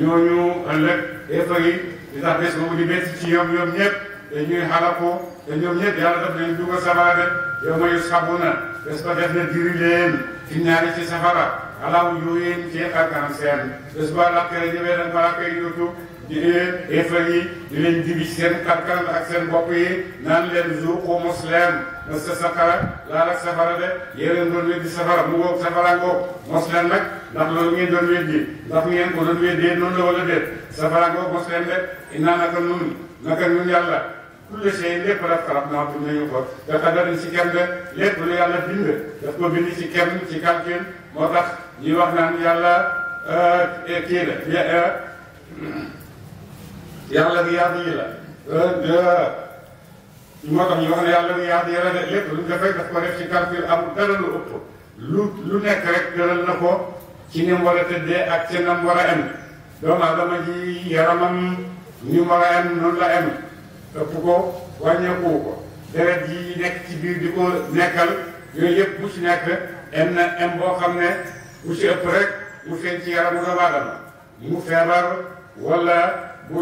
S1: ñooñu ëllëg xeefa yi di tax bés boobu di métti ci ñoom ñoom ñëpp te ñuy xalako te ñoom ñëpp yàlla daf leen dugal safara de yow ma yus xabuna bés ba def na diri leen finnaari ci safara alaa wujuuhin ci xarkanam seen bés bu àllaaxira ñëwee nag malaaka yi yóbbu yéefar yi di leen dibi ci seen xarkanam ak seen bopp yi naan leen zuuqu mos leen mos sa safara laal ak safara de yéen doon weddi safara mu ngoog safara mos leen nag ndax loolu ngeen doon weddi ndax ngeen ko doon weddee noonu la wala déet safara mos leen de innaa naka nun naka nun yàlla kullu shay'in lépp la xalaqnaahu nañu ko nga xadarin si kenn lépp lu yàlla bind daf ko bind si kenn ci calcul moo tax ñuy wax naan yàlla euh, kii la euh, yàlla bi yaatu yi la euh, moo tax ñu wax ne yàlla bi yaatu la de lépp lu dafay ko def ci calcul amul dara lu ëpp lu lu nekk rek tëral ko ci ni mu war ak ci nam war a am doomu aadama ji yaramam ni mu war a la am ëpp ko wàññeeku ko deret yi nekk ci biir di ko nekkal yooyu yëpp bu ci nekk em na em boo xam ne bu ci ëpp rek mu feeñ ci yaramu doomu aadama mu feebar wala bu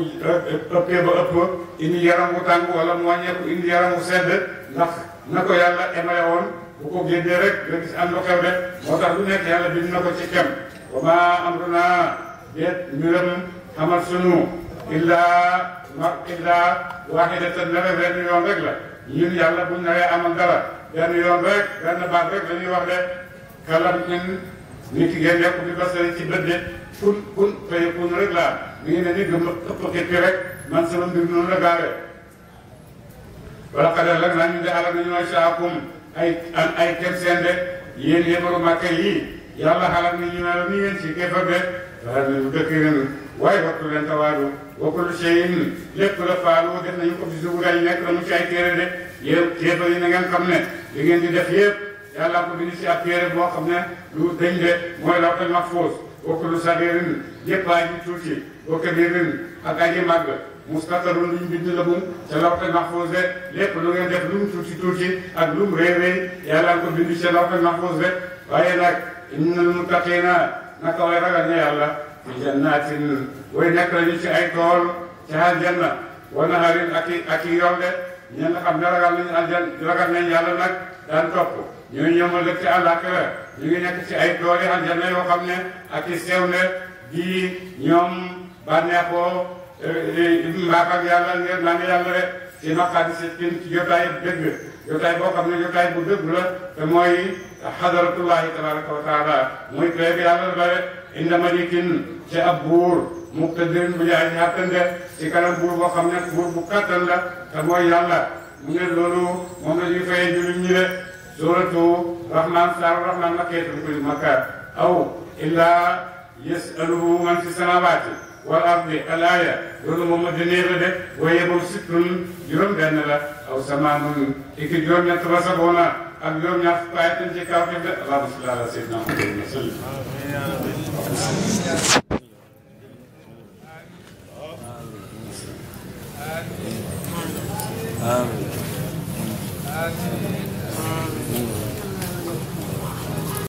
S1: ëppee ba ëpp indi yaram wu tàng wala mu wàññeeku indi yaram wu sedd ndax na ko yàlla emale woon bu ko génnee rek nga gis am lu xew moo tax lu nekk yàlla bind na ko ci kem wa ma amruna déet ñu dem xamal sunu illaa nag illaa waahidatan la benn yoon rek la ñun yàlla buñ nawee amal dara benn yoon rek benn baat rek dañuy wax de kalam ñun nit ki ngeen yokk bi basari ci bët de kun kun fay kun rek laa mi ngi ni gëm ëpp rek man sama mbir noonu la gaawee wala xadar lak naa ñu de alak nañu ay saakum ay an ay kem seen de yéen yéefaru màkka yii yàlla xalak ni ñu ne la ni ngeen si kéefar de waxal ne lu dëkk ren waaye wattu leen tawaadu wa kullu shay'in lépp la faalu def nañu ko fi suugal nekk la mu ci ay téere de yéen kéefa yi na ngeen xam ne li ngeen di def yëpp yàlla ko bind si ab téere boo xam ne du dañ de mooy lawtal mahfuus wa kullu sagiirin lépp a ji tuuti wa kabiirin ak aji màgg mustatarun luñ bind la bum ca lawtal mahfuus de lépp lu ngeen def lu mu tuuti tuuti ak lu mu rëy rëy yàlla ko bind ca lawtal mahfuus de waaye nag innal muttaqiina naka way ragal na yàlla fi jannaatin way nekk lañu ci ay tool ci aljanna wa naharin ak i ak i yombe ñi a xam ne ragal nañu aljan ragal nañ yàlla nag daan topp ñooñu ñooma lëg ci àllaaxira ñu ngi nekk ci ay tool yi aljanna yoo xam ne ak sew ne di ñoom bànneexoo eh, eh, mbaak ak yàlla ngir naa ngi yàlla rek ci maqaadi si kin ci jotaay boo xam ne jotaay bu dëgg la te mooy xadaratullahi tabaraka wa taala muy teeb yàlla bare inda malikin ci ab buur muqtadirin bu jaay ñàttande ci kanam buur boo xam ne buur bu la te mooy mu ne loolu moom la ñuy fayee jullit ñi de suratu rahman saaru rahman makkeetun kul makka aw illaa yasaluhu man fi samawaati wal ardi alaaya loolu moom a dënee la de waaye boobu sittun juróom benn la aw samaanun iki juróom ñett ba saboona ak juróom ñaar waaye tam ci kaw dem de allahumma salli ala sayyidina Muhammad wa sallim Amin. Amin.